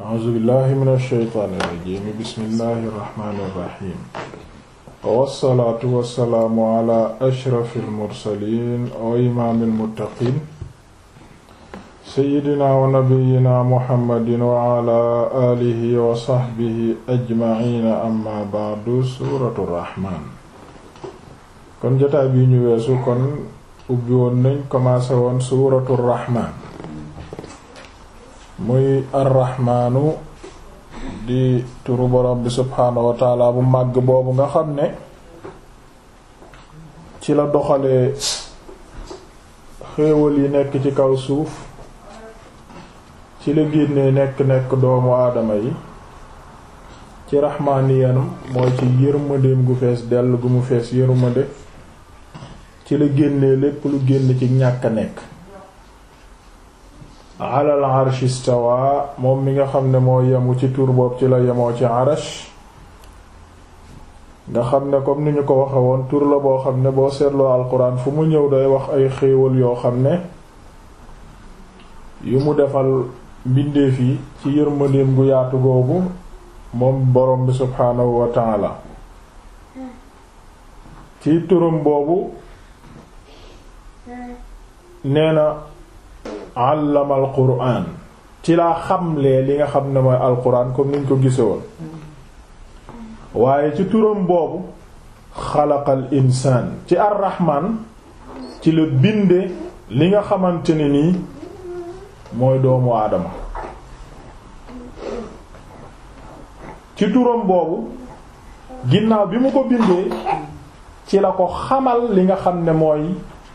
a'uuzu billahi min ash-shaytaani rajiim bismillahi irrahmani irrahim wassalaatu wassalaamu ala ashrafi almursalin wa imaami almuttaqiin sayyidina wa nabiyyina muhammadin wa ala aalihi wa sahbihi ajmaciina amma ba'du suuratu rahmaan kon jotaay bi ñu weesu kon ubbi woon nañ commencé woon suuratu rahmaan muy arrahmaanu di turu borom bi subhaanahu bu màgg boobu nga xam ne ci la doxalee xéewal yi nekk ci kaw suuf ci la génnee nekk-nekk doomu aadama yi ci raxmaaniyanam mooy ci yërmandeem gu fees dell gu mu fees yërmande ci la génnee lépp lu génn ci ñàkk nekk alal arsh istawa moom mi nga xam ne moo yemu ci tur boobu ci la yemoo ci arash nga xam ne comme ni ñu ko waxe woon tur la boo xam ne boo seetloo alquran fu mu ñëw day wax ay xéewal yoo xam ne yu mu defal mbindeef yi ci yërmandeem gu yaatu googu moom borom bi subhaanahu wa ci turam boobu nee na allama al ci laa xamle li nga xam ne mooy al quraan comme niñ ko gisewoon waaye ci turam boobu xalaqal insaan ci arrahmaan ci la binde li nga xamante ni nii mooy doomu aadama ci turam boobu ginnaaw bi mu ko bindee ci la ko xamal li nga xam ne mooy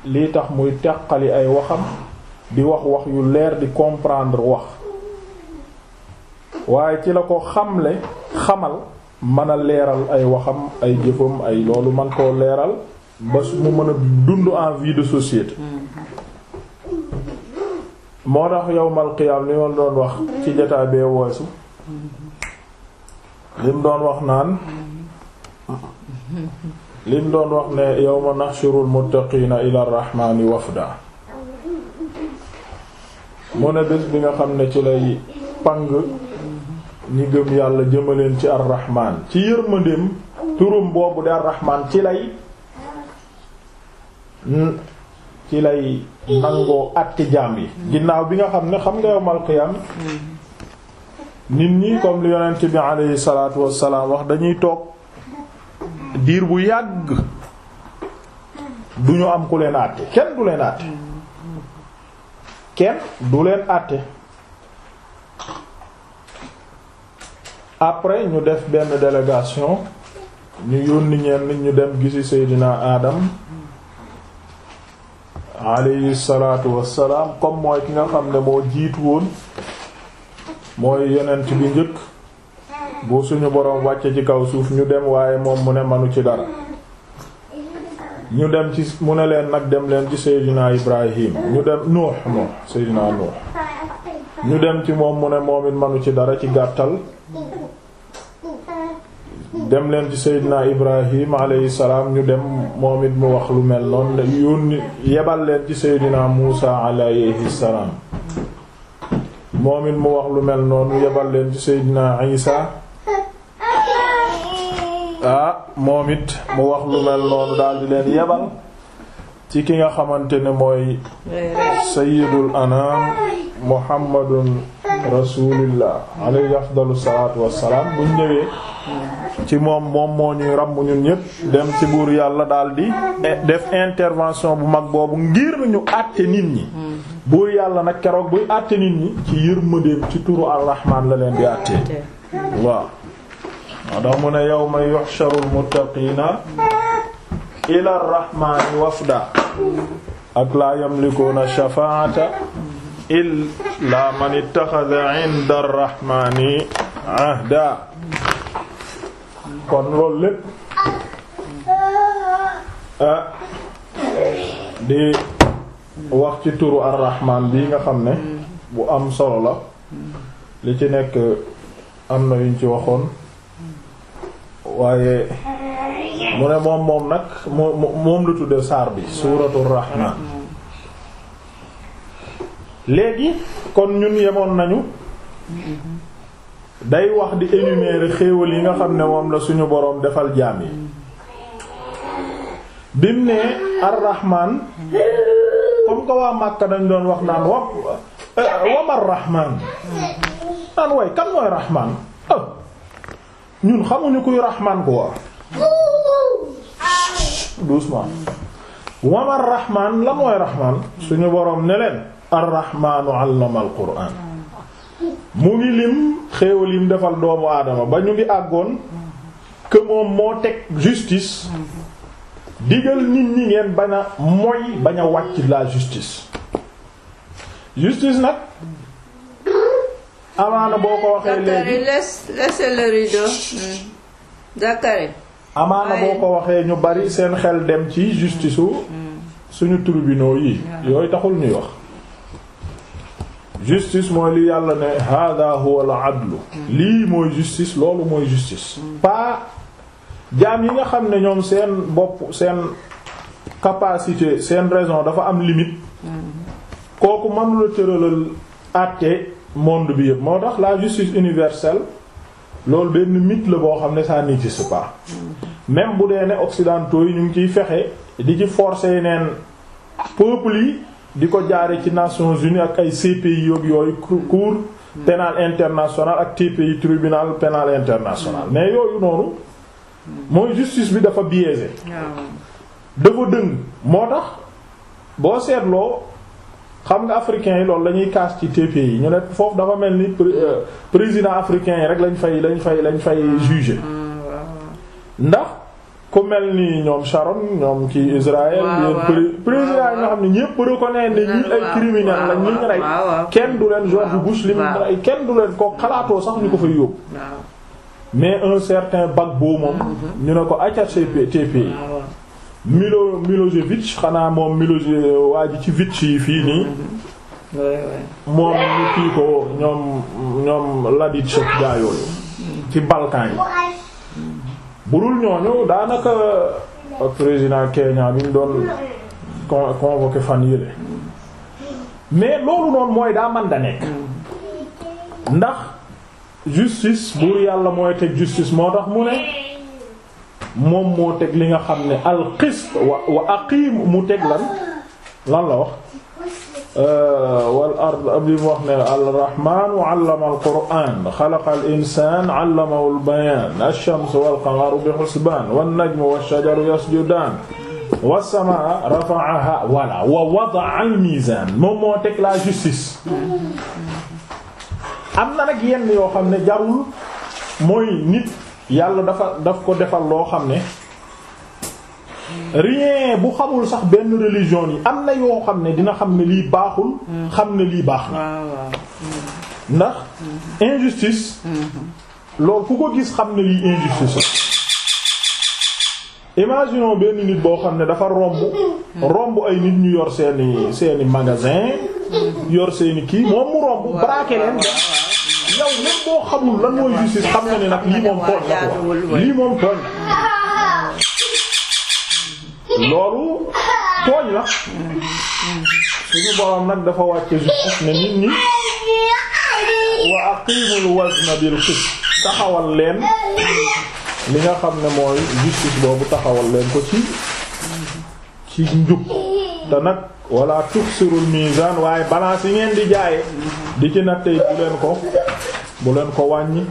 lii tax muy teqali ay waxam di wax wax yu leer di comprendre wax waaye ci la ko xamle xamal mën a leeral ay waxam ay jëfam ay loolu man koo leeral ba su mu mën a dund en vie de société moo tax yowmal qiyaam li ma doon wax ci jotaay bee woosu lim doon wax naan lim doon wax ne yowma nahshurul muttaqina ila rahmani wafda mu ne bés bi nga xam ne ci lay pang ni gëm yàlla jëmaleen ci arrahman ci yërmandeem turum boobu di arrahman ci lay ci lay nangoo àtte jaam yi ginnaaw bi nga xam ne xam nga yowmal qiyam nit ñi comme li yonent bi alayhi salaatu wassalaam wax dañuy toog diir bu yàgg du ñu am ku leen àtte kenn du leen àtte kenn du leen àtte après ñu def benn délégation ñu yónni ñeen nit ñu dem gisi Seydina Adam alayhi salaatu wassalaam comme mooy ki nga xam ne moo jiitu woon mooy yonent bi njëkk bu suñu boroom wàcce ci kaw suuf ñu dem waaye moom mu ne manu ci dara ñu dem ci mu ne leen nag dem leen ci Seydina Ibrahim ñu dem Nuux moom Seydina Nuux ñu dem ci moom mu ne moom it manu ci dara ci gàttal dem leen ci Seydina Ibrahim alayhi salaam ñu dem moom it mu wax lu mel noonu yónni yebal leen ci Seydina Muusa alayhi salaam moom it mu wax lu mel noonu yebal leen ci Seydina Isa ah moom it mu wax lu mel noonu daal di leen yebal ci ki nga xamante ne mooy sayyidul anam muhammadun rasulillah alayhi afdalu salaatu wassalaam buñ ñëwee ci moom moom moo ñuy ràmm ñun ñëpp dem ci buur yàlla daal di def intervention bu mag boobu ngir ñu àtte nit ñi buur yàlla nag keroog buy àtte nit ñi ci yërmandeem ci turu arrahman la leen di àtte waaw moo tax mu ne yawma yuhsharu al-muttaqiina ila wafda ak laa yamlikuuna shafaa'ata illaa man ittaxada inda ar ahda kon loolu lépp ah, di wax ci turu ar bi nga xam ne bu am solo la li ci nekk am na yuñ ci waxoon waaye mu ne moom moom nag moom lu tudde saar bi suuratu rahmaan léegi kon ñun yemoon nañu day wax di énumérer xéewal yi nga xam ne moom la suñu boroom defal jaam yi bim ne ar comme ko waa Màkka dañ doon wax naan wa eh, wamar rahmaan naan way kan mooy rahmaan ñun xamuñu kuy rahmaan ko war doucement wamar rahmaan la mooy rahmaan suñu boroom ne leen arrahmaanu allama al quraan mu ngi lim xéewal yim defal doomu aadama ba ñu ngi àggoon que moom moo teg justice digal nit ñi ngeen bañ a mooy wàcc la justice justice nag amaana boo ko waxee léegi laissez le rideau Zakari amaana boo ko waxee ñu bari seen xel dem ci justice hmm. suñu tribunaux yi yooyu taxul ñuy wax justice mooy li yàlla ne hada huwa al adlu hmm. lii mooy justice loolu mooy justice hmm. pas jaam yi nga xam ne ñoom seen bopp seen capacité seen raison dafa am limite kooku mënula tëralal àtte monde bi yëpp moo tax la justice universelle loolu benn mythe la boo xam ne ça n'existe pas même bu dee ne occidentaux yi ñu ngi ciy fexe di ci forcer neen peuples yi di ko jaare ci Nations Unies ak ay CPI yoog yooyu cour pénal international ak TPI tribunal pénal international mais yooyu noonu mooy justice bi dafa biaisé ah dafa dëng moo tax boo seetloo xam nga africains yi loolu la ñuy kaas ci TP yi ñu ne foofu dafa mel ni euh, président africain yi rek lañ fay lañ fay lañ fay mm. juger mm, ndax ku mel ni ñoom Sharon ñoom ci Israël yéen président yi nga xam ne ñépp reconnaître ne ñi ay criminels lañ ñu rey kenn du leen George Bush li mu rey kenn du leen ko xalaatoo sax ñu ko fay yóbbu mais un certain Gbagbo moom mm-hmm. ñu ne ko acca TP yi Milo Milosevic xanaa moom Milosevic waa ji ci vic yi fii nii. moom ñu kii ko ñoom ñoom Ladic gaa yooyu. ci Balkan yi. bu dul ñooñu daanaka président Kenya bi ñu doon con convoqué fan yële. mais loolu noonu mooy daa man da nekk. ndax justice buur yàlla mooy teg justice moo tax mu ne. moom moo teg li nga xam ne al qist wa wa aqim mu teg lan lan la wax euh, wal ard ab li mu wax ne arrahmanu allama al quran xalaqa al insan allamahu al bayan ash-shamsu wal qamaru bi husban wan najmu wash shajaru yasjudan was samaa rafa'aha wala wa wada'a al mizan moom moo teg la justice am na nag yenn yoo xam ne jarul mooy nit yàlla dafa daf ko defal loo xam ne rien bu xamul sax benn religion yi am na yoo xam ne dina xam ne lii baaxul xam ne lii baax na mm-hmm. ndax mm-hmm. injustice mm-hmm. loolu ku ko gis xam ne lii injustice la imaginons benn nit boo xam ne dafa romb romb ay nit ñu yor seeni seeni magasin yor seeni kii moom mu romb braqué leen koo xamul lan mooy justice xam na ne nag lii moom tooñ la quoi lii moom tooñ la loolu tooñ la boroom nag dafa wàcce justice ne nit ñi wa aqimul wazna bil qist taxawal leen li nga xam ne mooy justice boobu taxawal leen ko ci ci njub te nag wala tuxsirul mizan waaye balance yi ngeen di jaaye di ci nattee du leen ko bu leen ko wàññi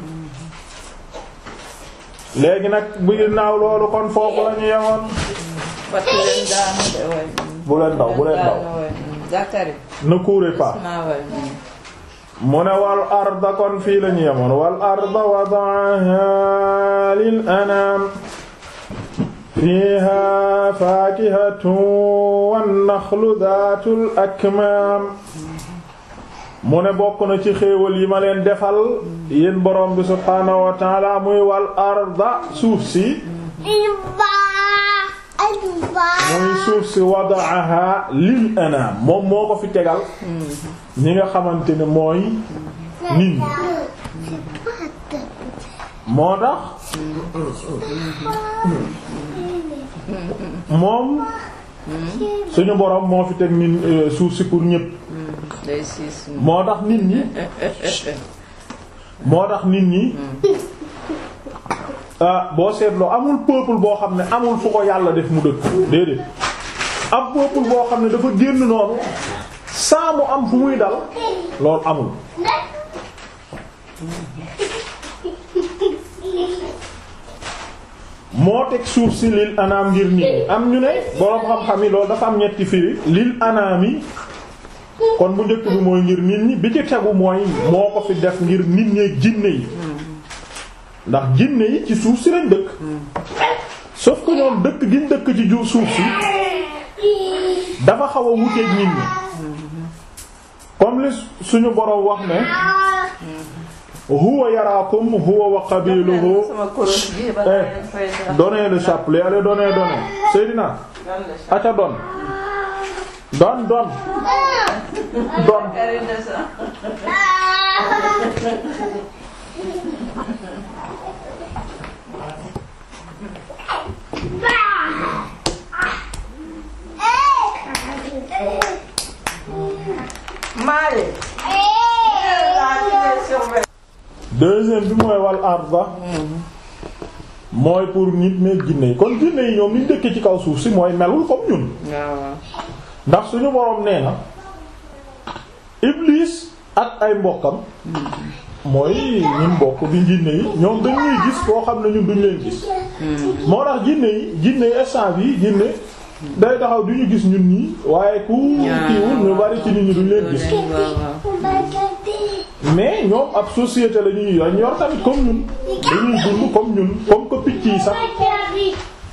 léegi nag bu naaw loolu kon foofu la ñu yemoon bu leen daw bu leen daw ne courez pas mu ne wal arda kon fii la ñu yemoon wal arda wada'aha lil anam fiha fakihatun wan nakhlu dhatul akmam mu ne bokk na ci xéewal yi ma leen defal yéen borom bi subhaanahu wa taala muy wal arda suuf si muy suuf si wadaaha lil anaam moom moo ko fi tegal ñi nga xamante ne mooy nit ñi moo tax moom suñu borom moo fi teg nit euh, suuf si pour ñépp moo tax nit ñi moo tax nit ñi hmm. ah, boo seetloo amul peuple boo xam ne amul fu ko yàlla def mu dëkk déedéet am peuple boo xam ne dafa génn noonu saa mu am fu muy dal loolu amul moo teg suuf si lil anaam ngir nit ñi am ñu ne boroom xam-xam yi loolu dafa am ñetti firi lil anaami kon bu njëkk bi mooy ngir nit ñi bi ci tegu mooy moo ko fi def ngir nit ñee jinne yi ndax jinne yi ci suuf si lañ dëkk sauf que ñoom dëkk giñ dëkk ci suuf si dafa xaw a wuteeg nit ñi comme li suñu boroom wax ne huwa yaraakum huwa wa qabiluhu eh, donnez le chapelet allez donnez donnez Seydina aca don don don don maale deuxième bi mooy wal arda mooy pour nit meek jinne yi kon jinne yi ñoom liñ dëkkee ci kaw suuf si mooy melul comme ñun ndax suñu boroom nee na Iblis ak ay mbokkam mooy ñi mbokk di jinne yi ñoom dañuy gis koo xam ne ñun duñ leen gis moo tax jinne yi jinne instant bi jinne day taxaw duñu gis ñun nii waaye ku kiiwul ñu bari ci nit ñi duñ leen gis mais ñoom ab société lañuy ñuy yor yor tamit comme ñun dañuy dund comme ñun comme que picc yi sax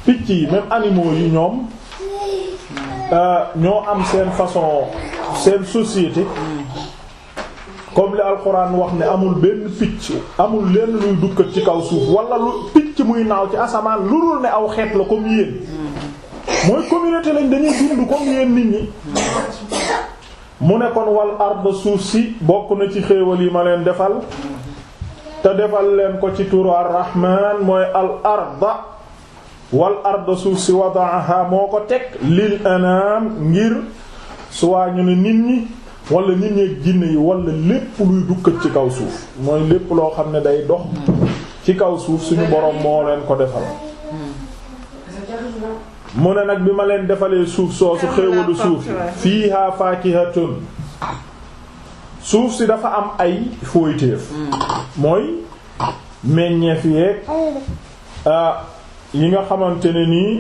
picc yi même animaux yi ñoom Euh, ñoo am seen façon seen société comme li alxuraan wax ne amul benn picc amul lenn luy dukkat ci kaw suuf wala lu picc muy naaw ci asamaan lu dul ne aw xeet la comme yéen mooy communauté lañ dañuy dund comme yéen nit ñi mu nekkoon kon wal ard suuf si bokk na ci xéewal yi ma leen defal te defal leen ko ci turu ar rahman mooy al arda wal arda suuf si wadaaha moo ko teg lil anaam ngir suwaa ñu ne nit ñi wala nit ñi jinne yi wala lépp luy dukkat ci kaw suuf mooy lépp loo xam ne day dox ci kaw suuf suñu boroom moo leen ko defal mu ne nag bi ma leen defalee suuf soosu xéewalu suuf fii fiiha faakihatun suuf si dafa am ay fooyteef mm. mooy meññeef yeeg yi nga xamante ne nii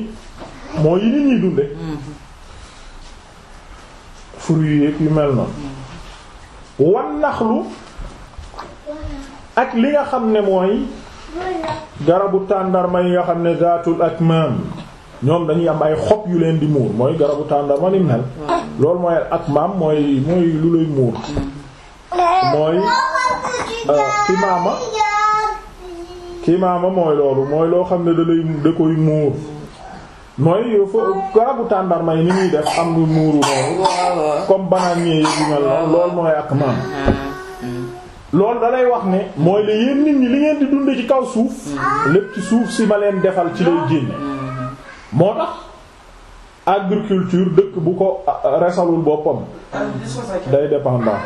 moo yi nit ñi dunde fruits yépp yu mel noonu wan naxlu ak li nga xam ne mooy garabu tàndarma yi nga xam ne ak akmam ñoom dañuy am ay xob yu leen di muur mooy garabu tàndarma ni mel loolu mooy akmam mooy mooy lu lay muur mooy euh, timaama kimaama mooy loolu mooy loo xam ne da lay da koy muur mooy fo garabu tàndarma yi ni muy def am lu muuru noonu comme banaan ñee yi mel noonu mooy ak maam loolu da wax ne mooy la yéen nit ñi li ngeen dund ci kaw suuf lépp ci suuf si ma leen defal ci lay génne moo tax agriculture dëkk bu ko resalul boppam day dépendant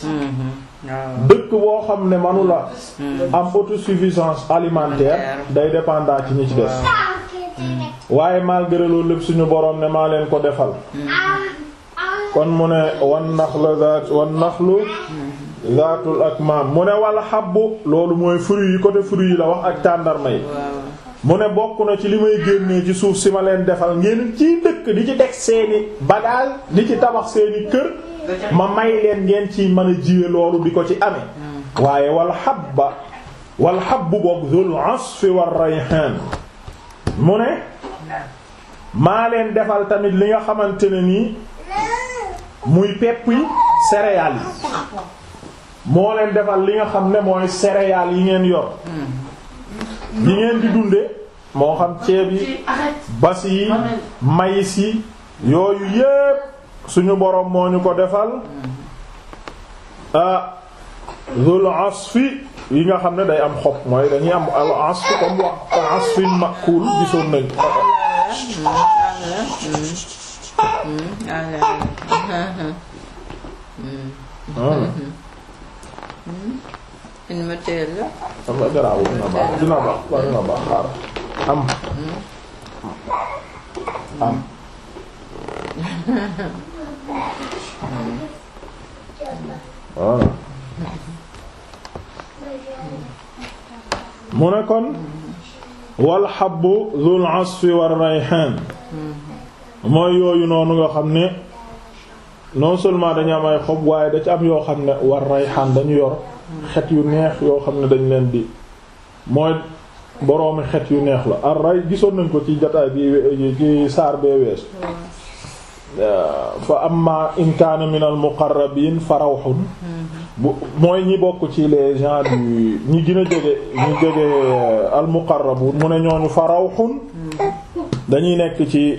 mm-hmm. Ah. dëkk boo xam ne manula hmm. am autosuffisance alimentaire day dépendant ci ñi ci des ah. hmm. waaye malgré loolu lépp suñu boroom ne maa leen ko defal hmm. kon mu ne wan naxlu zaat wan naxlu zaatul akmaam mu ne wala xabbu loolu mooy fruits yi côté fruits yi la wax ak tàndarma yi mu ne bokk na ci li may génnee ci suuf si ma leen defal ngeen ciy dëkk di ci teg seeni bagage di ci tabax seeni kër ma may leen ngeen ci mën a jiwe loolu di ko ci amee hmm. waaye wal habba wal bu boog zul asfi war rayhan mu ne maa leen defal tamit li nga xamante ne nii muy peppi yi céréales yi moo leen defal li nga xam ne mooy céréales yi ngeen yor hmm. yi ngeen di dunde moo xam ceeb yi basi yi maïs yi yooyu yépp suñu boroom moo ñu ko defal ah zul asfi yi nga xam ne day am xob mooy dañuy am al asfi comme wax al asfi makul gisoon nañ am am voilà mu ne kon wal habbu dhul asfi war rayhan mooy yooyu noonu nga xam ne non seulement dañu am ay xob waaye da ci am yoo xam ne war rayhan dañu yor xet yu neex yoo xam ne dañ leen bi mooy boroomi xet yu neex la ar ray gisoon nañ ko ci jotaay bi ci saar bee weesu fa amma in kaana min al muqarrabin fa rawhun bu mooy ñi bokk ci les gens du ñi gën a jóge ñu jóge euh, al muqarrabun mu ne ñooñu fa rawhun dañuy nekk ci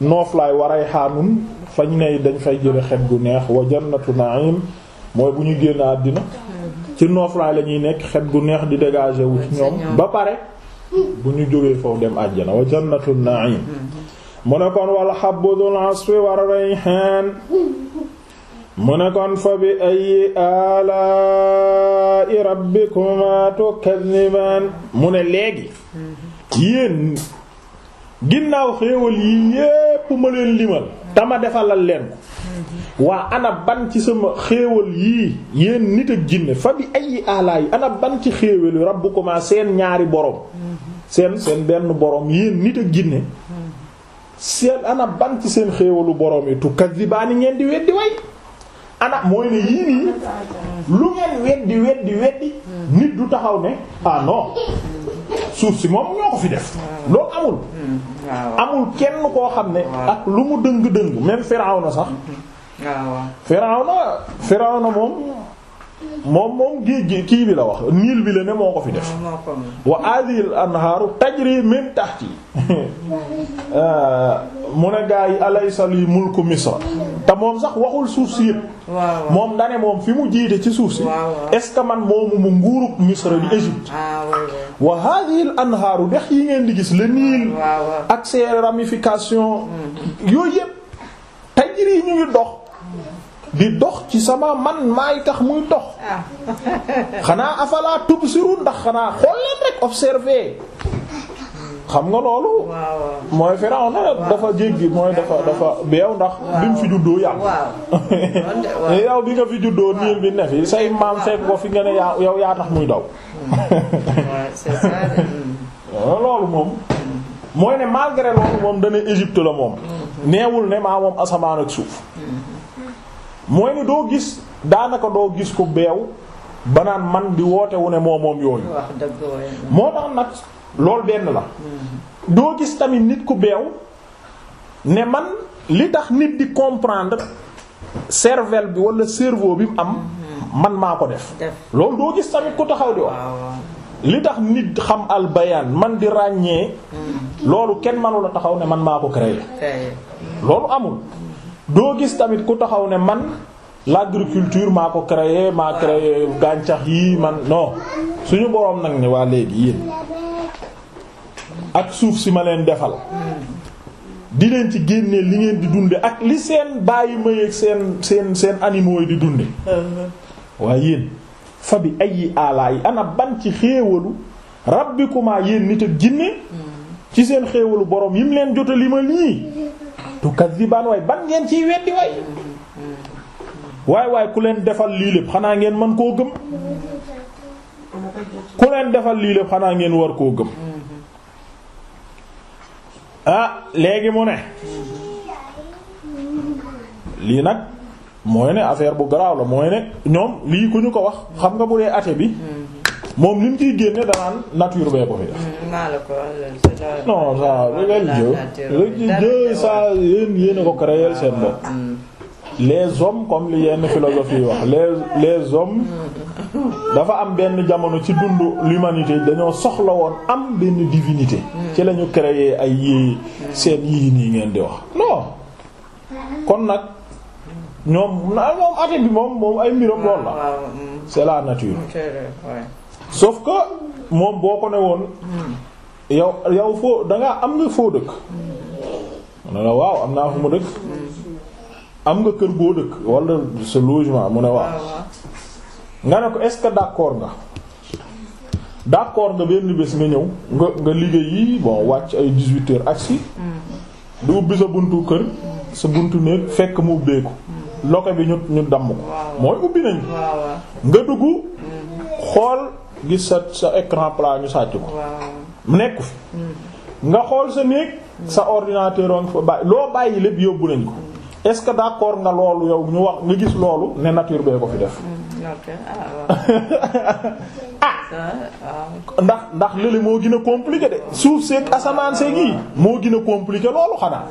nooflaay wa rayhaanun fañ ne dañ fay jële xet gu neex wa jannatu na'im mooy bu ñu génn àddina ci nooflaay la ñuy nekk xet gu neex di dégager wu ci ñoom ba pare bu ñu jógee foofu dem àjjana wa jannatu na'im mu ne kon wal habbu dul asfi war rayhaan mu ne kon fa bi ay alaa'i rabbikumaa tukazzibaan mu ne léegi yéen ginnaaw xéewal yi yépp ma leen limal tama defalal leen ko waa ana ban ci sama xéewal yii yéen nit ak jinne fa bi ay alaa'i ana ban ci xéewal yi rabbikumaa seen ñaari borom seen seen benn boroom yéen nit ak jinne seen ana ban ci seen xéewalu borom yi tukadibaani ngeen di weddi way ana mooy ne yii nii lu ngeen weddi weddi weddi nit du taxaw ne ah non suuf si moom ñoo ko fi def loolu amul amul kenn koo xam ne ak lu mu dëng dëng même Firawna sax Firawna Firawna moom moom moom géej gi kii bi la wax niil bi la ne moo ko fi def wa adil anhaaru tajri min tahti euh, mu ne gaa yi alaysa li mulku misra te moom sax waxul suuf si yëpp moom dane moom fi mu jiite ci suuf si est man moomu mu nguuruk misra di Égypte ah, wa hadhihi anhaaru dex yi ngeen di gis le niil ak ses ramifications mm. yooyu yëpp tajri ñu ngi dox di dox ci sama man maay tax muy dox ah. xanaa afalaa tubsirun ndax xanaa xool leen rek observer xam nga loolu mooy firaw na dafa jéggi mooy dafa dafa beew ndax bi mu fi juddoo yàgg yow bi nga fi juddoo niir bi ne fi say maam fekk ko fi nga ne yaa yaa tax muy daw loolu moom mooy ne malgré loolu moom dana Égypte la moom mm-hmm. neewul ne maa asamaan ak suuf mooy ni doo gis daanaka doo gis ku beew banaan man di wootewu ne moo moom yooyu moo tax nag lool benn la mm-hmm. doo gis tamit nit ku beew ne man li tax nit di comprendre cervelle bi wala cerveau bi mu am mm-hmm. man maa ko def loolu doo gis tamit ku taxaw di wax li tax nit xam albayaan man di ràññee mm-hmm. loolu kenn mënu taxaw ne man maa ko créé loolu amul doo gis tamit ku taxaw ne man l'agriculture maa ko créé maa créé gàncax yi man non suñu boroom nag ne waa léegi yéen ak suuf si ma leen defal di leen ci génnee li ngeen di dunde ak li seen bàyyi mayeeg seen seen seen animaux yi di dunde waa yéen fa bi ayi alaa yi ana ban ci xéewalu rabbikumaa yéen nit ak jinne hmm. ci seen xéewalu boroom yim leen jota li ma lii tukazziban way ban ngeen ciy weddi waay waay waay ku leen defal lii lépp xanaa ngeen mën koo gëm ku leen defal lii lépp xanaa ngeen war koo gëm ah léegi mu ne lii nag mooy ne affaire bu garaaw la mooy ne ñoom lii ku ñu ko wax xam nga bu dee ate bi moom li mu ciy génne danaan nature bee ko fi yéen yéen a ko créer ah, mm. comme li yenn philosophie wax les les mm. dafa am benn jamono ci dund l'humanité dañoo soxla woon am benn divinité mm. ci lañu ñu créer ay yii seen yii nii ngeen di wax non kon nag ñoom na bi moom moom ay mbiram lool la ah, c'est la nature sauf que moom boo ko ne woon yow yow foo dangaa am nga foo dëkk mu ne waaw am naa fu ma dëkk am nga kër goo dëkk wala sa logement mu ne waaw nga ne ko est-ce que d'accord nga d'accord nga benn bés nga ñëw nga nga liggéey yi bon wàcc ay dix-huit heures agsi du ubbi sa buntu kër sa buntu néeg fekk mu ubbeeku loke bi ñu ñu damm ko mooy ubbi nañu nga dugg xool gis sa sa écran plat ñu sàcc ko. mu nekk fi. Hmm. nga xool sa néeg. Hmm. sa ordinateur on fa bàyyi loo bàyyi lépp yóbbu nañ ko. Hmm. est-ce que d'accord nga loolu yow ñu wax nga gis loolu ne nature bee ko fi def. ah, ah ndax ndax lële moo gën a compliqué de suuf seeg asamaan seeg yi moo gën a compliqué loolu xanaa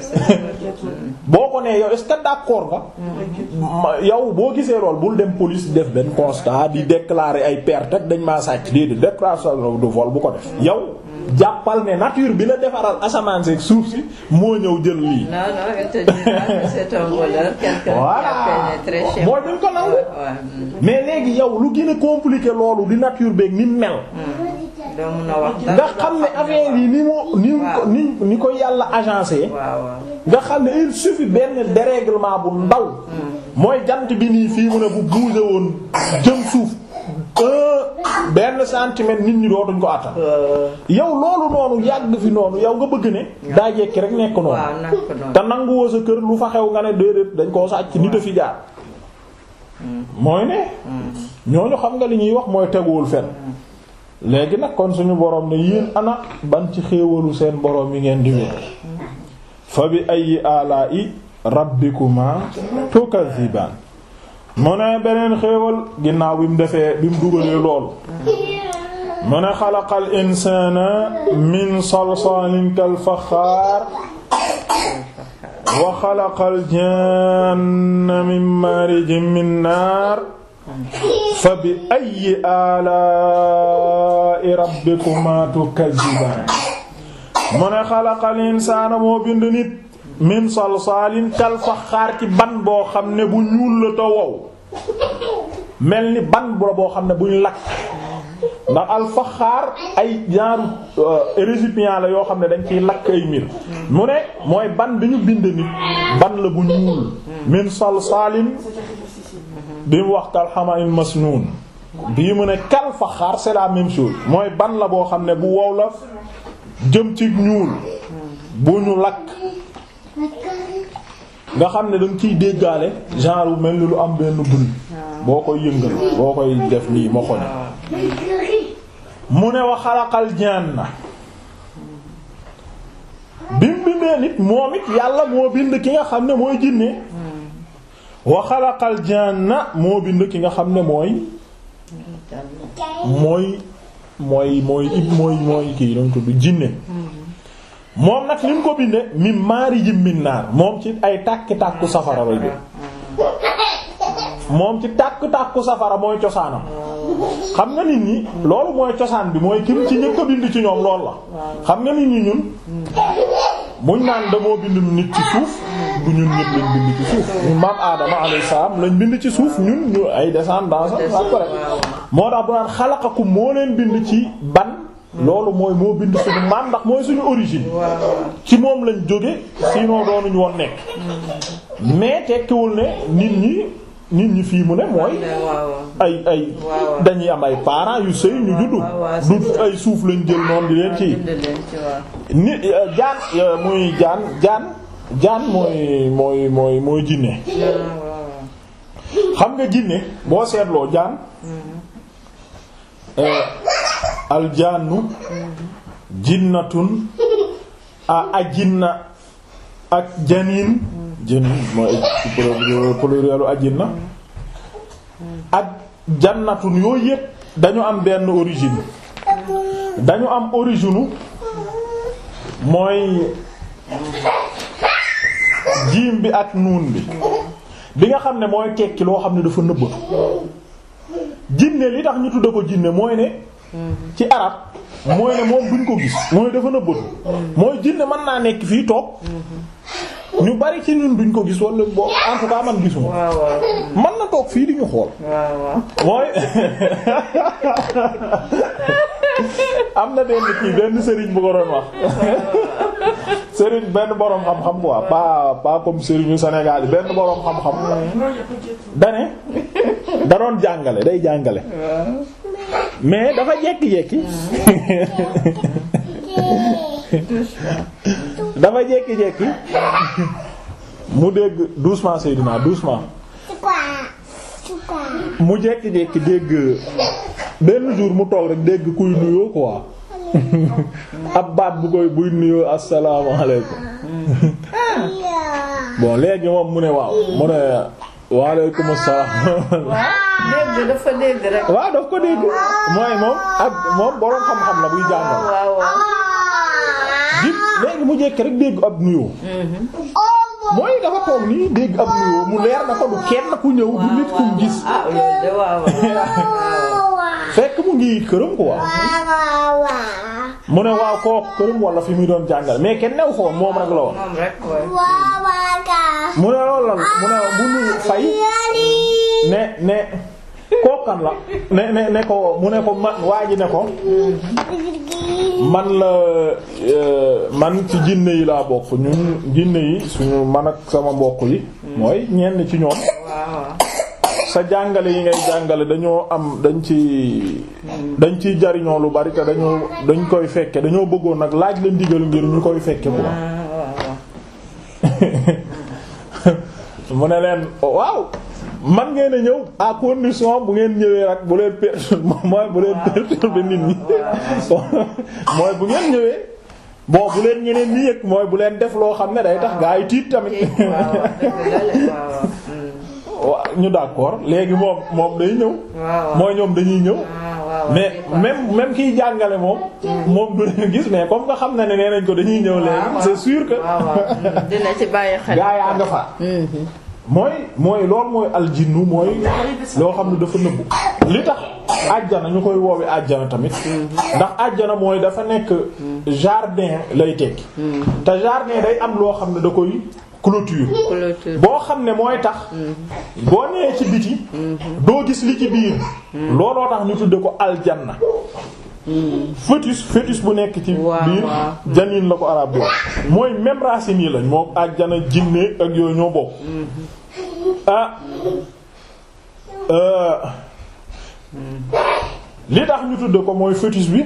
boo ko nee yow est que d'accord nga yow boo gisee lool bul dem police def benn constat di déclarer ay perte dañ maa sàcc déedéet déclaration de vol bu ko def yow. jàppal ne nature bi la defaral asamaan seek suuf si moo ñëw jël lii. non mooy duñ ko nangu. Mm. mais léegi yow lu gën a compliqué loolu di nature beeg ni mu mel. Mm. nga xam ne affaire yi ni moo ni ni ni ko yàlla agencé. nga xam ne il suffit benn dérèglement bu ndaw. Mm. mooy jant bi nii fii mu ne bu bougé woon jëm suuf. benn centimètre nit ñi dootuñ ko attan. Euh. yow loolu noonu yàgg fi noonu yow nga bëgg ne. daa jekki rek nekk noonu. te nanguwoo sa kër lu fa xew nga ne déedéet dañ koo sàcc nit a fi jaar. Mm. mooy ne. Mm. ñooñu xam nga li ñuy wax mooy teguwul fen mm. léegi nag kon suñu borom ne yéen ana ban ci xéewalu seen boroom yi ngeen di fa bi ay alaa'i rabbikuma tukazzibaan mu ne beneen xéewal ginnaaw bi mu defee bi mu dugalee loolu mu ne xalaqal insaana min salsaalin kal faxaar wa xalaqal janna min maarijin min naar fa bi ayyi alaa'i rabbikumaa tukazzibaan mu ne xalaqal insaana moo bind nit min salsaalin kal faxaar ci ban boo xam ne bu ñuul la te wow mel ni ban boo xam ne bu buñ lakk ndax alfaxaar ay genre euh, récipient la yoo xam ne dañ ciy lakk ay mbir mu ne mooy ban bi ñu bind nit ban la bu ñuul min salsaalin bi mu wax kal xamain masnun bii mu ne kal faxaar c'est la mooy ban la boo xam ne bu wow la jëm ci ñuul bu ñu lakk nga xam ne dañ ciy déggaale genre mel ni lu am benn bruit ah. boo koy yëngal boo koy def nii ma xone mu ne wa xalaqal janna bi mu bindee nit moom it yàlla moo bind ki nga xam ne mooy jinne wa xalaqal na moo bind ki nga xam ne mooy mooy mooy mooy mooy mooy kii doon tudd jinne hmm. moom nag lim ko bindee mi maari jim naar moom ci ay tàkki tàkku safara ci tàkk tàkku safara mooy cosaanam xam nga nit ñi loolu mooy cosaan bi mooy kim ci ñëkk a bind ci ñoom loolu la xam na nit ñi ñun buñ naan damoo bind nit ci suuf du ñun ñëpp lañ bind ci suuf ñun maam aadama alayhi salaam lañ bind ci suuf ñun ñu ay descendance moo tax bu naan xalaqakum moo leen bind ci ban loolu mooy moo bind suñu maam ndax mooy suñu origine ci moom lañ jóge sinon doonuñu woon nekk mm. mais tekkiwul ne nit ñi nit ñi fii mu ne mooy ay ay dañuy am ay parents yu sëy ñu juddu du ay suuf lañ jël noonu di leen ci nit euh, jaan euh, muy jaan jaan jaan mooy mooy mooy mooy jinne ah, xam nga jinne boo seetloo jaan mm. euh, aljannu jinnatun a ajinna ak janin janin mooy plurielu ajinna ak jannatun yooyu yëpp dañu am benn origine dañu am origine mooy jiim bi ak nuun bi bi nga xam ne mooy tekki loo xam ne dafa nëbbatu jinne li tax ñu tudde ko jinne mooy ne ci arab mooy ne moom duñ ko gis mooy dafa nëbbatu mooy jinne mën naa nekk fii toog ñu bari ci ñun duñ ko gis wala man gisuma man na toog fii mooy am na benn kii benn sëriñ bu ko doon wax sëriñ benn boroom xam-xam quoi pas pas comme sëriñu Sénégal benn boroom xam-xam dane da doon jàngale day jàngale mais dafa jékki-jékki dafa jékki-jékki mu dégg doucement Seydina doucement mu jékki-jékki dégg benn jour mu toog rek dégg kuy nuyoo quoi ab baat bu koy buy nuyoo asalaamaaleykum bon léegi moom mu ne waaw mu ne waaleykum salaam. dégg dafa waaw daf ko dégg mooy moom ak moom borom xam-xam la buy jàngal. waaw waaw. jib mm-hmm. mooy dafa toog nii dégg ab nuyoo mu leer na ko du kenn ku ñëw du nit ku mu gis. Ah, fekk mu ngi këram quoi. mu ne waaw kooku këram wala fi muy doon jàngal mais kenn new foon moom rek la woon. mu ne loolu la mu ne bu ñu fay. ne ne kookan la ne ne ko mu ne ko man waa ji ne ko man la euh, man ci jinne yi laa bokk ñun jinne yi suñu man ak sama mbokk yi mooy ñenn ci ñoom sa jàngale yi ngay jàngale dañoo am dañ ci dañ ciy jariñoo lu bari te dañoo dañ koy fekke dañoo bëggoon nag laaj la ndigal ngir ñu koy fekke bu mu ne leen oh, waaw man ngeen a ñëw à condition bu ngeen ñëwee rek bu leen perturber mooy bu leen perturber nit ñi mooy bu ngeen ñëwee bon bu leen ñeneen ñi yëg mooy bu leen def loo xam ne day tax gaa yi tiit tamit waaw ñu d'accord léegi moom moom day ñëw mooy ñoom dañuy ñëw ah, mais même même kiy jàngale moom hmm. moom du leen gis mais comme nga xam ne ne nee nañ ko dañuy ñëw léegi ah, c'est sûr que hmm. dina ci bàyyi gaa yaa nga fa hmm, mooy mooy loolu mooy aljinnu mooy loo xam ne dafa nëbbu li tax àjjana ñu koy woowe àjjana tamit ndax àjjana mooy dafa nekk jardin lay tekki te jardin day am loo xam ne da koy clôture boo xam ne mooy tax boo nee ci biti mhm. doo gis li ci biir mhm. looloo tax ñu tudd ko aljanna fœtus fœtus bu nekk ci biir janin la ko arab bi mooy même racine yi lañ moom àjjana jinne ak yooyu ñoo bokk mm-hmm. ah euh. li tax ñu tudd ko mooy fœtus bi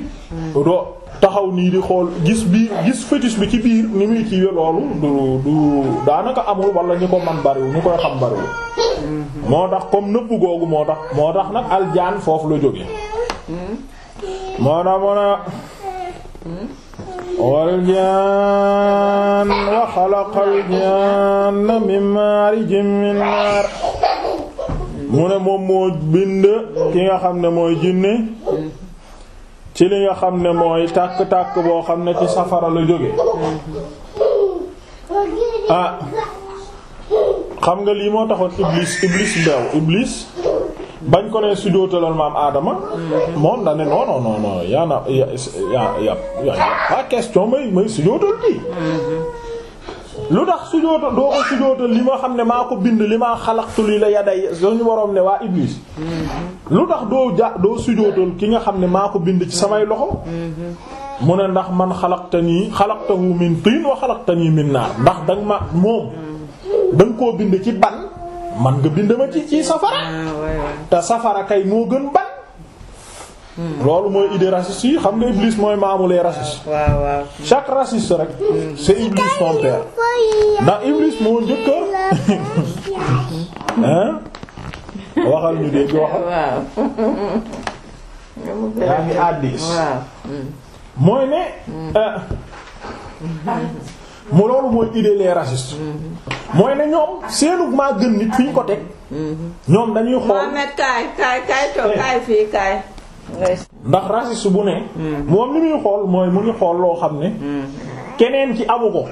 do mm. taxaw nii di xool gis bi gis fœtus bi ci biir ni muy ci loolu du du daanaka amul wala ñu ko man bariwul ñu koy xam bariwul mm-hmm. moo tax comme nëbb googu moo tax moo tax nag aljaan foofu la jóge mm-hmm. moo na mu na wal jaan wa xalaqal mu ne moom moo bind ki nga xam ne mooy jinne ci li nga xam ne mooy tàkk-tàkk boo xam ne ci safara la jóge ah xam nga lii moo taxoon iblis iblis mbeew iblis bañ ko ne sujjóotalal maam Adama. moom da ne non ko xam ne maa ko bind li maa xalaqtu li la yaday suñu waa Iblis. lu tax doo ja ki nga xam ne maa ko bind ci samay loxo. ndax man xalaqtani xalaqtahu min tin ndax danga ma moom koo bind ci ban. man nga bind ma ci ci safara ah, te safara kay moo gën ban hmm. loolu mooy idée raciste yi xam nga Iblis mooy maamulee ah, raciste chaque raciste rek hmm. c'est Iblis son père ndax Iblis moo njëkk waxal ñu dégg waxal yaa ngi àddis hmm. mooy ne euh, mu loolu mooy idée les racistes mooy ne ñoom seenug maa gën nit fi ko teg ñoom dañuy xool Mohamed kaay kaay kaay ndax raciste bu ne moom li muy xool mooy mu ngi xool loo xam ne keneen ci amu ko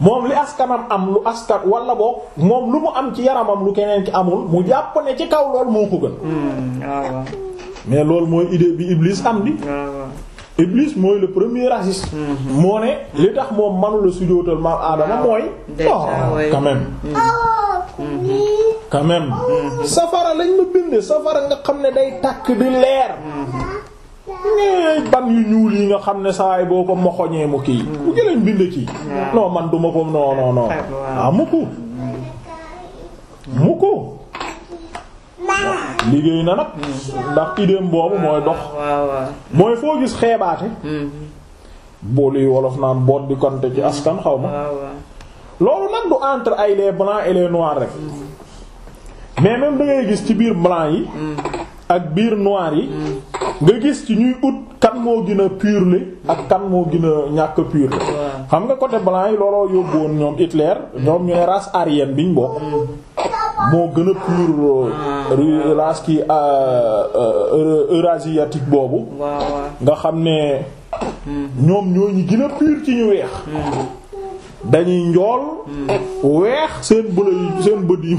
moom li askanam am lu askan wala boog moom lu mu am ci yaramam lu keneen ci amul mu jàpp ne ci kaw lool moo ko gën mm, mais loolu mooy idée bi Iblis am bi Iblis mooy le premier raciste. Mhm. moo ne li tax moom manu la sujootal maam aadama mooy. Oh, quand même. Mhm. Oh, quand mhm. safara lañ ma bind safara nga xam ne day takk di leer. mais ban yu ñuul yi nga xam ne sawaay boo ko moxoñee mu kii. bu jëlee bind kii. non man duma ko non non non. ah mu ko. mu liggéey na nag ndax idéem boobu mooy dox mooy foo gis xeebaate hmm. bool yi wolof naan boot di konte ci askan xaw ma loolu nag du entre ay les blancs et rek hmm. mais même gis ci biir blanc yi hmm. ak biir noir yi nga gis ci ñuy ut kan moo gën a li ak kan moo gën a ñàkk purle xam nga côté blanc yi looloo yóbbu woon ñoom Hitler ñoom ñu ne race aryenne biñ bokk moo gën a pur race ki eurasiatique boobu nga xam ne hmm. ñoom ñoo ñu gën a pur ci ñu weex hmm. dañuy njool hmm. weex seen bële yi seen bët yi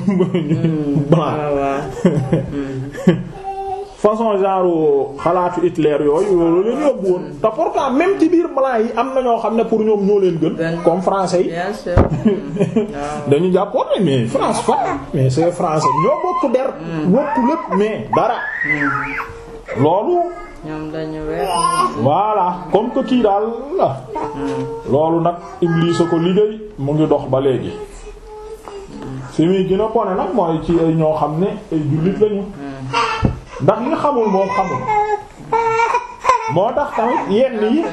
blanc façon genre xalaatu Hitler yooyu loolu leen yóbbu woon te pourtant même ci biir blanc yi am na ñoo xam ne pour ñoom ñoo leen gën comme français yi dañu jàppoon ne mais France fa mais c'est français ñoo bokk der hmm. bokk lépp mais dara hmm. loolu ñoom comme que kii daal hmm. loolu nag Iblis a ko liggéey mu ngi dox ba léegi si muy gën pone nag mooy ci ñoo xam ne ay jullit lañu ndax li xamul moom xamul moo tax tamit yenn yi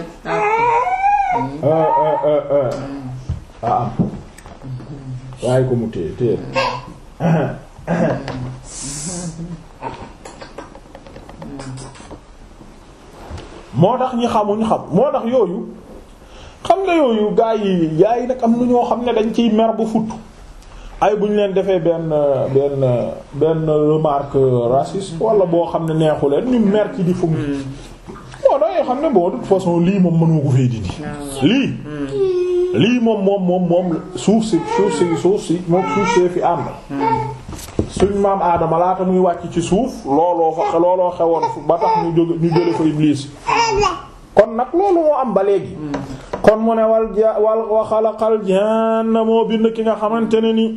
euh, euh, euh, ah waaye ko mu téye moo tax ñi xamuñ xam moo tax yooyu xam nga yooyu gaa yi gaa yi nag am na ñoo xam ne dañ ciy mer bu futt ay bu ñu leen defee benn benn benn remarque raciste wala boo xam ne neexu leen merci mer ci di fum hmm. bon dangay xam ne bon de façon lii moom mënuma ko fee dindi ah, lii hmm. lii moom moom moom suuf si suuf si suuf moom suuf see fi ànd hmm. suñ maam aadama laata muy wàcc ci suuf looloo fa looloo xewoon ba tax ñu jóge ñu jële fa Iblis kon nag loolu moo am ba léegi kon mu ne wal ja wal wa moo bind ki nga xamante ne nii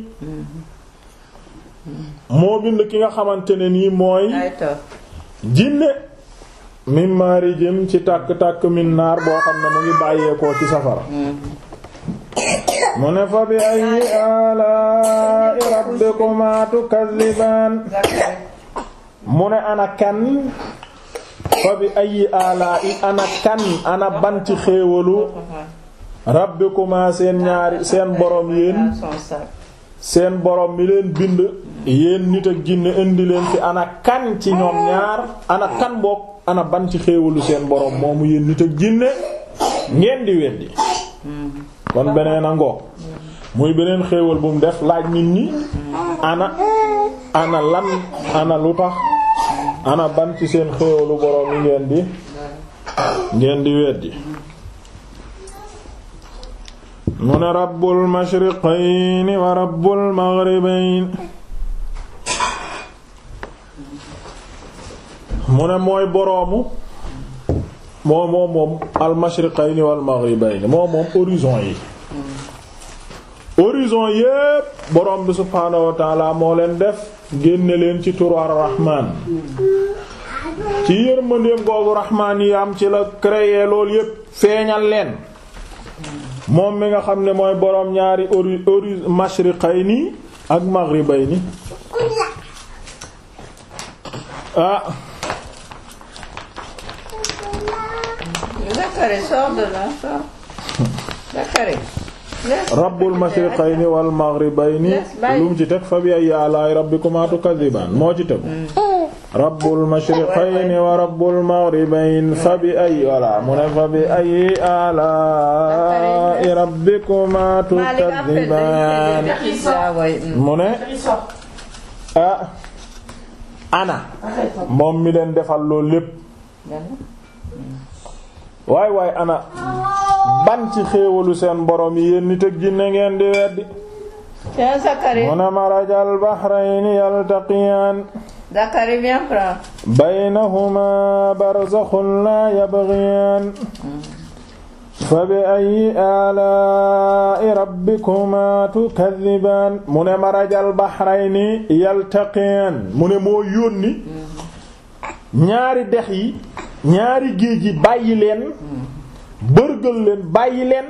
moo bind ki nga xamante ne nii mooy jinne min maari ci tàkk-tàkk min boo xam ne mu ngi bàyyeekoo ci safara mu ne fa bi ay ala rabbikuma tukazzibaan mu ne ana kan fa bi ayi ala i ana kan ana ban ci xéewalu rabbikuma seen ñaari seen borom yéen seen borom mi leen bind yéen nit ak ginne indi leen fi ana kan ci ñoom ñaar ana kan boog ana ban ci xéewalu seen borom moomu yéen nit ak ginne ngeen di weddi kon beneen a ngoog muy beneen xéewal bu mu def laaj nit ñi ana ana lan ana lu tax ana ban ci seen xéewalu boroom yi ngeen di ngeen di weddi mu ne rabbul mashriqayn wa rabbul maghribayn mu ne mooy boroomu moom moom moom al mashriqayn wal maghribayn moom moom horizon yi horizon yépp borom bi subhaanahu wa moo leen def génne leen ci turu rahmaan ci yërmandeem googu rahmaan yi am ci la créer loolu yépp feeñal leen moom mi nga xam ne mooy boroom ñaari ori ori ni ak maghribayni ah. Zakari rabbul mashriqayni wal maghribayni lu mu ci teg fa bi ay alaay rabbikumaa tukadhibaan moo ci tegu mm. rabbul mashriqayni wa rabbul maghribayni fa bi ay wala mu ne fa bi ay alaay rabbikumaa tukadhibaan mu ne ah ana moom mi leen defal loolu lépp waay waay ana ban ci xéewalu seen borom yi yéen nit jinne ngeen di weddi mu ne marajal bahrayni yaltaqiyaan Zakari bien prend. Baynahuma barzakhun la yabghiyan. Fa bi ayyi alaa'i rabbikuma tukadhibaan. mu ne marajal bahrayni yaltaqiyan mu ne mm. ñaari dex ñaari géej yi leen. Mm. bërgël leen bàyyi leen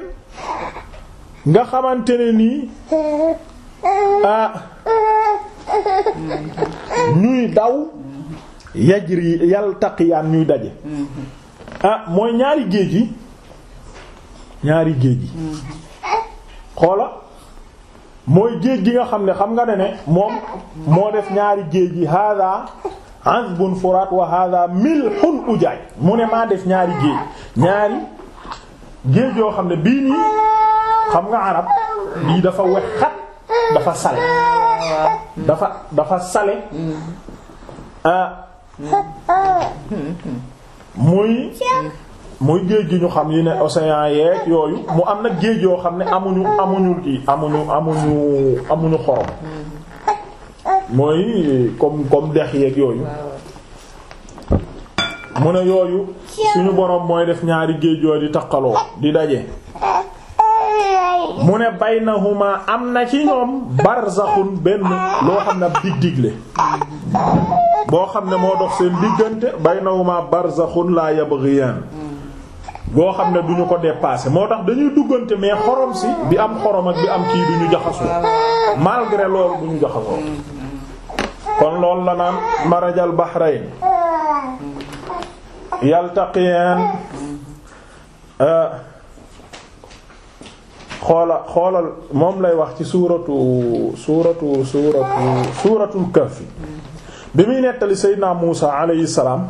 nga xamante ne nii ah ñuy daw yajri yaltaqiyaan ñuy daje ah mooy ñaari géej yi ñaari géej yi xoola mooy géej gi nga xam ne xam nga ne ne moom moo def ñaari géej yi hada azbun furat wa hada milhun ujaaj mu ne maa def ñaari géej ñaari géej yoo xam ne bii nii xam nga arab bii dafa wex xat dafa sale dafa dafa sale ah muy muy géej gi ñu xam yi ne océan yeeg yooyu mu am na géej yoo xam ne amuñu amuñu kii amuñu amuñu amuñu xorom mooy comme comme dex yeeg yooyu mu ne yooyu suñu borom mooy def ñaari géej yooyu di takkaloo di daje mu ne baynahuma am na ci ñoom barzaxun benn loo xam ne dig digle boo xam ne moo dox seen diggante baynahuma barzaxun laa yabghiyan boo xam ne duñu ko dépasser moo tax dañuy duggante mais xorom si bi am xorom ak bi am kii duñu jaxasoo malgré loolu duñu jaxasoo kon loolu la naan marajal bahrain yaltaqiyaan euh, xoola xoolal moom lay wax ci suuratu suuratu suuratu suuratul kahf bi muy nettali Seydina Muusa alayhi salaam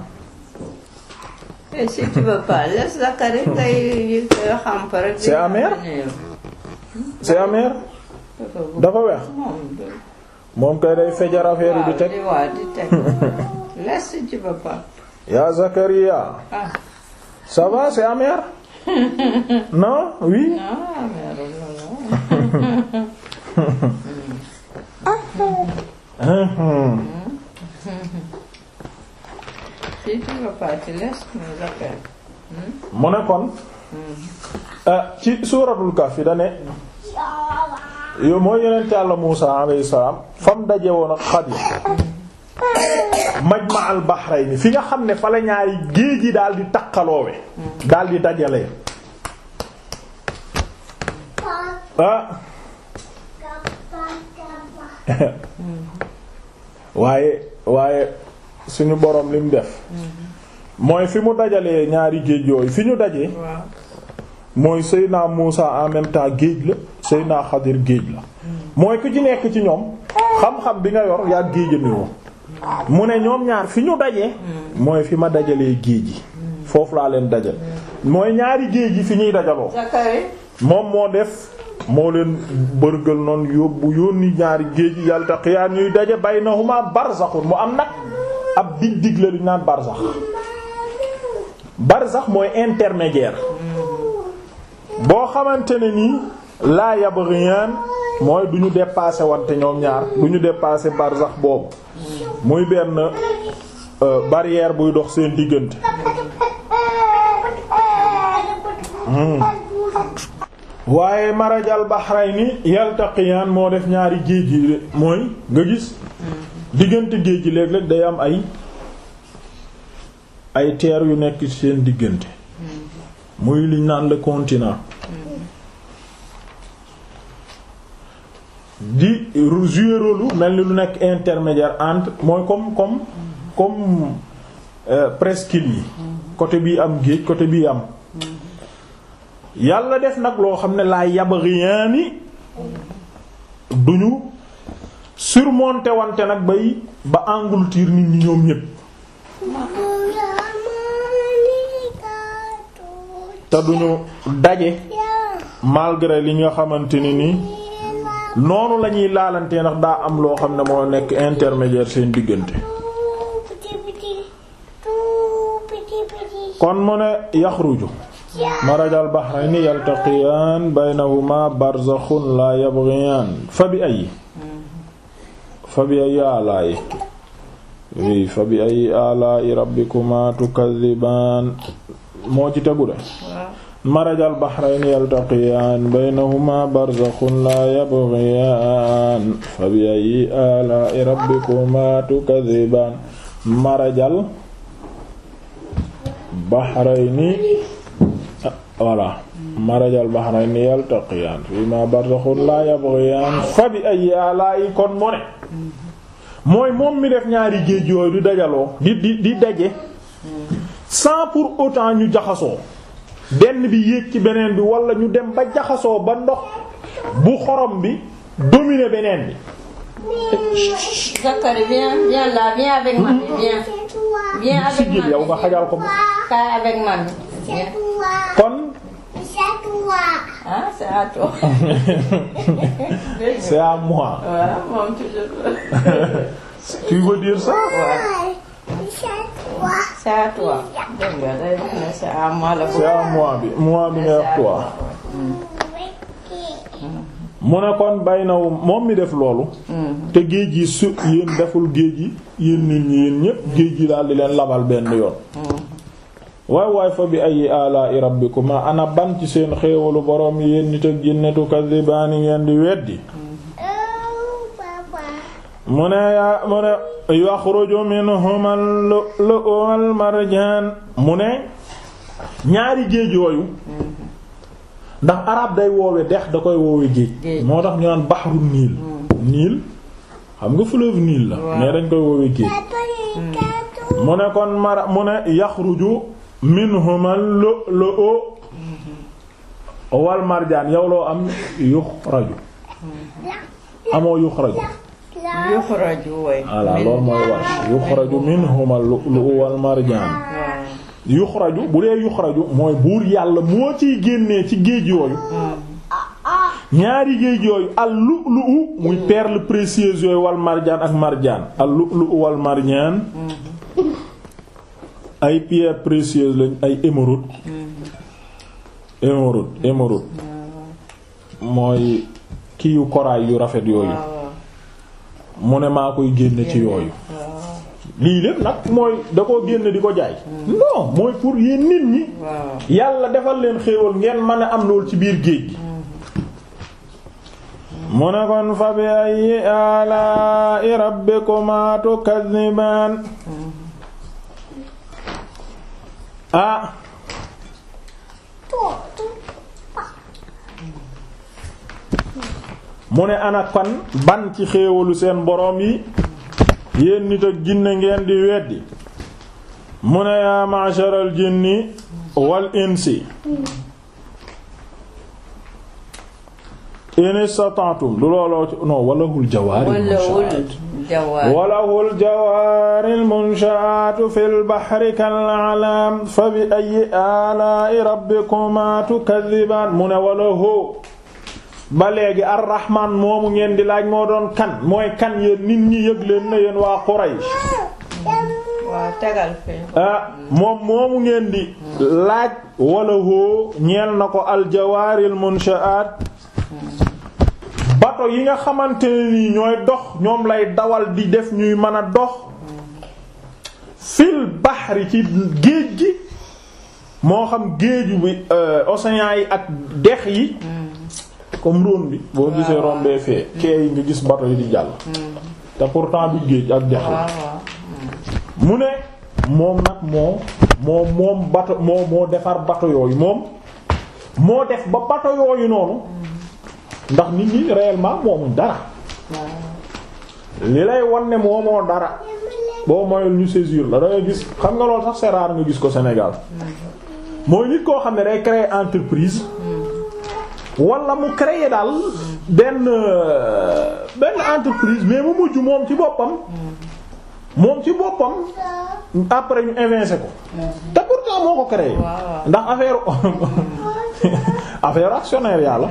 c'est amer c'est dafa weex moom kay day fejar affaire bi teg yaa Zakaria ah. ça va c'est amer non oui mu ne kon hmm. ah, ci suuratul Kahf da ne yow mooy yonent Yàlla Muusaa alayhi salaam fam daje woon ak Xadir majma al bahrayni fi nga xam ne fa la ñaari géej yi daal di takkaloowe daal di dajale ah. waaye waaye suñu boroom li def mooy fi mu dajalee ñaari géej yooyu fi ñu dajee mooy Seydina Muusa en même temps géej la naa Xadir géej la mooy ku ci nekk ci ñoom xam-xam bi nga yor yaa géejami woo mu ne ñoom ñaar fi ñu daje mooy fi ma dajalee géej gi foofu laa leen dajal mooy ñaari géej gi fi ñuy dajaloo moom moo def moo leen bërgël noonu yóbbu yónni ñaari géej gi yaltaqiyaan ñuy daje baynahuma barzaxun mu am nag ab dig dig la duñ naan barzax barzax mooy intermédiaire boo xamante ne nii laa yabghiyan mooy du ñu dépassé wante ñoom ñaar du ñu dépassé barzax boobu muy benn euh, barrière buy dox seen diggante hmm. waaye marajal bahrayni yaltaqiyaan moo def ñaari géej yi mooy nga gis diggante géej gi léeg-léeg day am ay ay terre yu nekk seen diggante muy li naan le continent di jouer rôle mel ni lu nekk intermédiaire entre mooy comme comme euh, presquil yi côté bii am géej côté bii am yàlla def nag loo xam ne laa yabariyaani duñu surmonter wante nag bay ba engloutir nit ñi ñoom ñépp te duñu daje malgré li nga xamante ni nii noonu lañuy ñuy laalantee ndax daa am loo xam ne moo nekk intermédiaire seen diggante kon mu ne yaxruju marajal bahrayni yaltaqiyaan baynahuma barzaxun la yabghiyaan fa bi ay fa alaayi wi fa alaayi rabbikuma tukadhibaan moo ci tegu de marajal bahrayni yaltaqiyaan baynahumaa barzakhun laa yabghiyaan fa bi ayyi aalaa'i rabbikumaa tukadhibaan marajal bahrayni voilà marajal bahrayni yaltaqiyaan fiimaa barzakhun laa yabghiyaan fa bi ayyi aalaa'i kon mu mooy moom mi def ñaari géej yooyu di dajaloo di di daje sans pour autant ñu jaxasoo benn bi yéeg ci beneen bi walla ñu dem ba jaxasoo ba ndox bu xorom bi dominer beneen bi. Zakari viens yow nga xajal ko. kaay avec mamie viens. kon. c'est à toi. ah c'est à toi. c'est c'est à toi. bi moi bi nga wax toi. mu ne kon moom mi def loolu. Hmm. te géej gi su yéen deful géej gi yéen nit ñi yéen ñépp géej gi daal di leen labal benn yoon. Hmm. waay waay fa bi ay alaa'i ma ana ban ci seen xewalu borom yéen nit ak jinne tukazibaani ngeen di weddi. mu ne yaa mu ne yaxruju minhuma al-lu'lu'u wal marjaan mu ne ñaari géej yooyu ndax arab day woowe dex da koy woowe géej moo tax ñu naan baxru niil hmm. niil xam nga fleuve niil la mais hmm. mu ne kon mara mu ne yaxruju minhuma al-lu'lu'u wal marjaan yow loo am yuxraju hmm. amoo yuxraju voilà loolu mooy warsh yuxraju minhuma lu'lu'u wal marjaan yuxraju bu dee yuxraju mooy buur yàlla moo ciy génnee ci géej yooyu ñaari géej yooyu al lu'lu'u muy perle précieuse yooyu wal marjaan ak marjaan al lu'lu'u wal marjaan mm-hmm. ay pierres précieuses lañ ay mm-hmm. émeraude émeraude émeraude mooy kii yu yu rafet yooyu mu ne maa koy génne ci yooyu lii lépp nag mooy da koo génne di ko jaay hmm. non mooy pour yéen nit ñi yàlla defal leen xéewal ngeen mën a am lool ci biir géej gi hmm. mu ne kon fa bi ayyi alaa'i rabbikumaa tukazzibaan hmm. ah mu ne ana kan ban ci xéewalu seen boroom yi yéen nit ak jinne ngeen di weddi mu ne yaa ma'sharal jinni wal insi in istata'tum du looloo non walahul jawaaril munshaatu fil bahri kal a'laam fa bi ayyi aalaa'i rabbikumaa tukazzibaan mu ne walahu ba léegi arrahman moomu ngeen di laaj moo doon kan mooy kan yéen nit ñi yëg leen na yéen waa Quraysh waaw ah, moom moomu ngeen di laaj wala hoo ñeel na ko aljawaaril munshaat bato yi nga xamante ne ñooy dox ñoom lay dawal di def ñuy mën a dox fil baxri ci géej gi moo xam géeju bi euh, océan yi ak dex yi comme Rhône bi boo gisee Rhône fee kee mm. yi nga gis bato yi di jàll mm. te pourtant du géej ak dex la mm. mu ne moom nag moo moo moom bato moo moo defar bato yooyu moom moo def ba bato yooyu noonu ndax nit ñi réellement moomuñ dara li lay wan ne moomoo dara boo moyul ñu saisir la da ngay gis xam nga loolu sax c'est nga gis ko Sénégal mooy nit koo xam ne day créer entreprise wala mu créer daal benn euh, benn entreprise mais mu mujj moom ci boppam moom ci boppam après ñu invincé ko te pourtant moo ko créé ndax affaire affaire actionnaire yàlla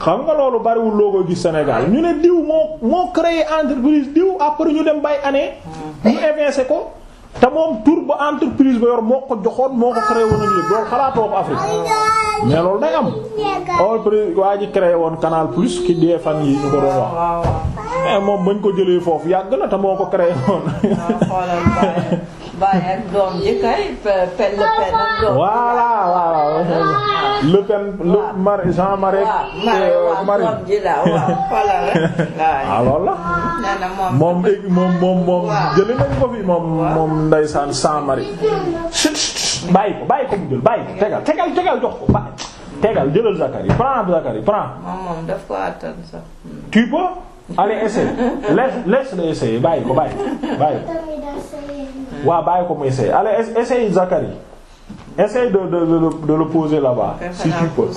xam nga loolu bariwul loo koy gis Sénégal ñu ne diw moo moo créé entreprise diw après ñu dem bay année hmm. ñu invincé ko te moom tur ba entreprise ba yor moo ko joxoon moo ko créé woon ak lépp xalaatoo Afrique mais loolu day am. au waa ji créé woon Canal Plus ki dee fan yi ñu ko doon wax. moom bañ ko jëlee foofu yàgg na te moo ko créé woon. Ah, waaw Le Pen le Marais Jean Marais. waaw euh, Marais waaw ah, loolu la. moom dégg moom moom moom. jëlee nañ ko fi moom moom ndeysaan Jean Marais. chut chut bàyyi ko bàyyi ko mu jël bàyyi tegal tegal tegal jox ko bàyyi. tegal jëlal Zakari prends Zakari prends. moom moom daf ko attan sax. tu peux aller essayer laisse laisse le essayer bàyyi ko bàyyi bàyyi ko. waaw bàyyi ko Zakari. essaye de de de de le poser là-bas. si tu peux.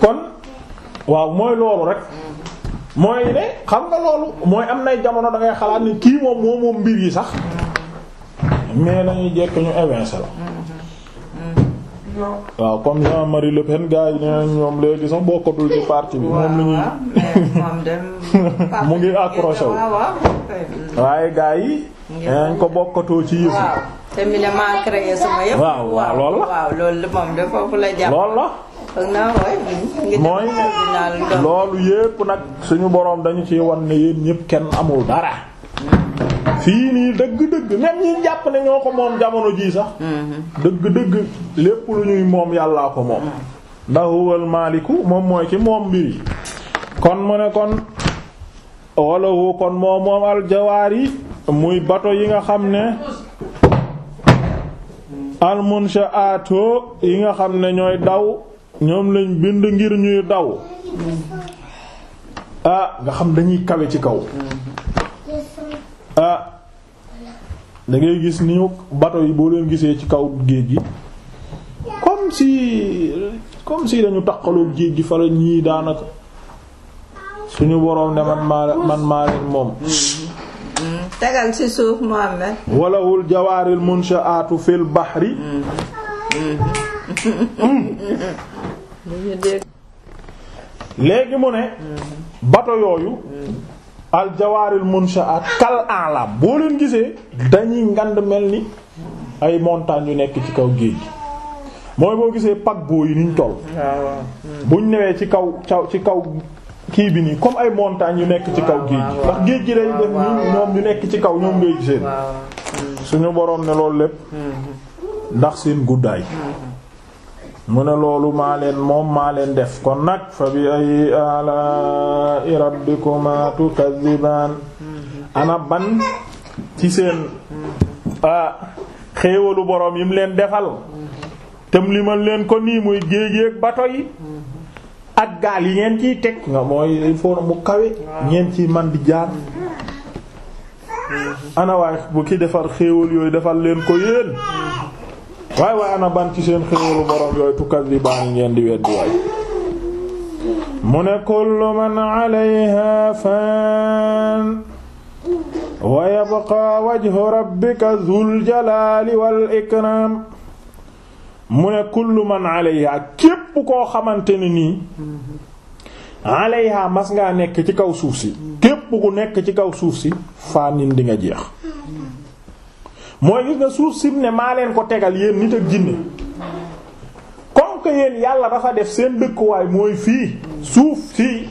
kon waaw mooy loolu rek. Mm-hmm. mooy ne xam nga loolu mooy am nay jamono da ngay xalaat ni kii moom moom moom mbir yi sax. Mm-hmm. mais dañuy jekk ñu évincer la. Mm-hmm. waaw comme Jean-Marie Le Pen gars yi nee ñoom léegi sax bokkatul ci parti bi. moom la mu ngi accroché wu. waaye gars yi. ngeen ko bokkatoo ci yëf te mi yëpp. waaw waaw loolu la waaw la jàpp. loolu la. loolu yépp nag suñu boroom dañu ci won ne yéen ñépp kenn amul dara. fii nii dëgg-dëgg même ñi jàpp ne ñoo ko moom jamono jii sax. Mm-hmm. dëgg-dëgg lépp lu ñuy moom yàllaa ko moom. Mm-hmm. ndax huwal maaliku moom mooy ki moom mbir yi kon mu ne kon. wala wu kon moom moom aljawaar yi. muy bato yi nga xam ne almunshaato yi nga xam ne ñooy daw ñoom lañ bind ngir ñuy daw ah nga xam dañuy kawe ci kaw ah dangay gis ni bato yi boo leen gisee ci kaw géej gi comme si comme si dañu taqaloo géej gi fa ñii daanaka suñu woroom ne man maa man maa leen moom tegal ci suuf Muhammad walahul jawaaril munsha'atu fil bahri léegi mu ne bato yooyu al jawaaril munsha'at kal a'lam boo leen gisee dañuy ngand mel ni ay montagnes yu nekk ci kaw géej gi mooy boo gisee paquebot yi niñ toll buñ newee ci kaw ci kaw kii bi nii comme ay montagnes yu nekk ci kaw géej gi ndax géej gi day def nii ñoom ñu nekk ci kaw ñoom ngay seen suñu boroom ne loolu lépp mm-hmm. ndax seen guddaay mm-hmm. mu ne loolu maa leen moom maa leen def kon nag fa bi ay ala rabbikuma tukazziban mm-hmm. ana ban ci seen ah xéewalu boroom yim leen defal tam leen ko nii muy géej gi ak bato yi ak gaal yi ngeen ciy teg nga mooy il faut mu kawe ngeen ci man di jaar ana waay bu ki defar xéewal yooyu defal leen ko yéen waay waay ana ban seen xéewalu borom yooyu tukkat di baan ngeen di weddi waay mu ne kullu man alayha fan wa yabqa wajhu rabbika dhul jalali wal ikram mu ne kullu man alayha képp koo xamante ne nii alayha mas ngaa nekk ci kaw suuf si képp ku nekk ci kaw suuf si faanin dinga jeex mooy gis nga suuf si ne maa leen ko tegal yéen nit ak jinne comme que yàlla dafa def seen dëkkuwaay mooy fii suuf fii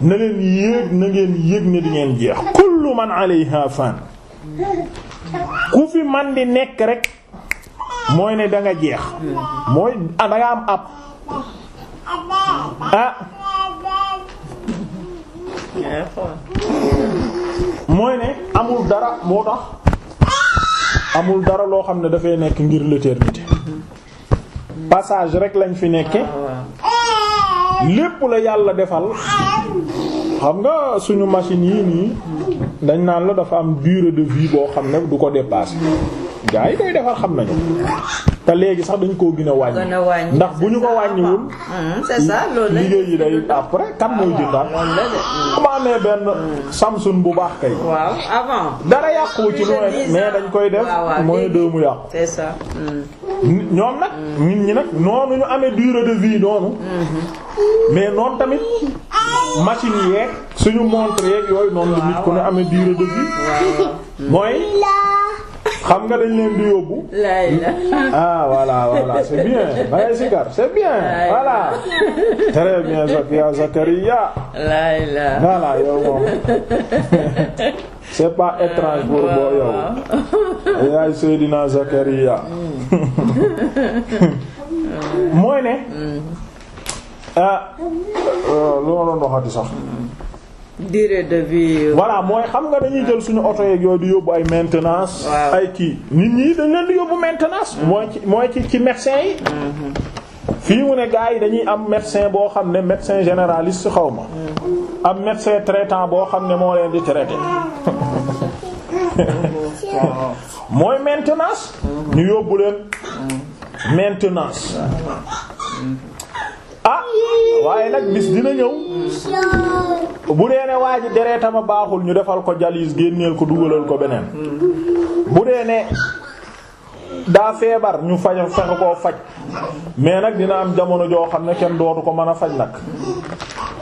na leen yéeg na ngeen yéeg ne di ngeen jeex kullu man alayha fan ku fi man di nekk rekk mooy ne da jeex mooy ah, da nga am ab ah mooy ne amul dara moo tax amul dara loo xam ne dafay nekk ngir l'éternité passage rek lañ fi nekke lépp la yàlla defal xam nga suñu machine yii nii dañ naan la dafa am durée de vie boo xam ne du ko dépasser gaa yi koy defar xam nañu te léegi sax dañ koo gën a wàññi ndax bu ñu ko wàññiwul hmm, liggéey yi day après kan mooy ah, jëndaat hmm. ma amee benn samsung bu baax kay waaw avant dara yàqu ci mooy mais dañ koy def mooy deux mu hmm. nit ñi nag noonu ñu amee durée de vie noonu mais noonu tamit machine yeeg suñu montre yooyu noonu la nit ku amee durée de vie mooy xam nga dañ leen di yóbbu. ah voilà voilà c'est bien Baye Sikar c'est bien voilà. très bien Zakia Zakaria. voilà yow moom c'est pas étrange pour boo ah, yow. yaay Seydina Zakaria. Hmm. mooy ne. Hmm. ah loolu euh, noonu waxati sax. durée de vie. voilà mooy xam nga dañuy jël suñu oto yeeg yooyu di yóbbu ay maintenance. ay kii nit ñi dañ leen di yóbbu maintenance. Mm-hmm. mooy ci mooy ci ci médecin yi. Mm-hmm. fii mu ne gars yi dañuy am médecin boo xam ne médecin généraliste xaw ma. Mm-hmm. am médecin traitant boo xam ne moo leen di traité. mooy maintenance. ñu yóbbu leen. maintenance. ah waaye nag bis dina ñëw bu dee ne waa ji dereetama baaxul ñu defal ko jalis génneel ko dugalal ko beneen bu ne daa feebar ñu faj fexe koo faj mais nag dina am jamono joo xam ne kenn dootu ko mën a faj nag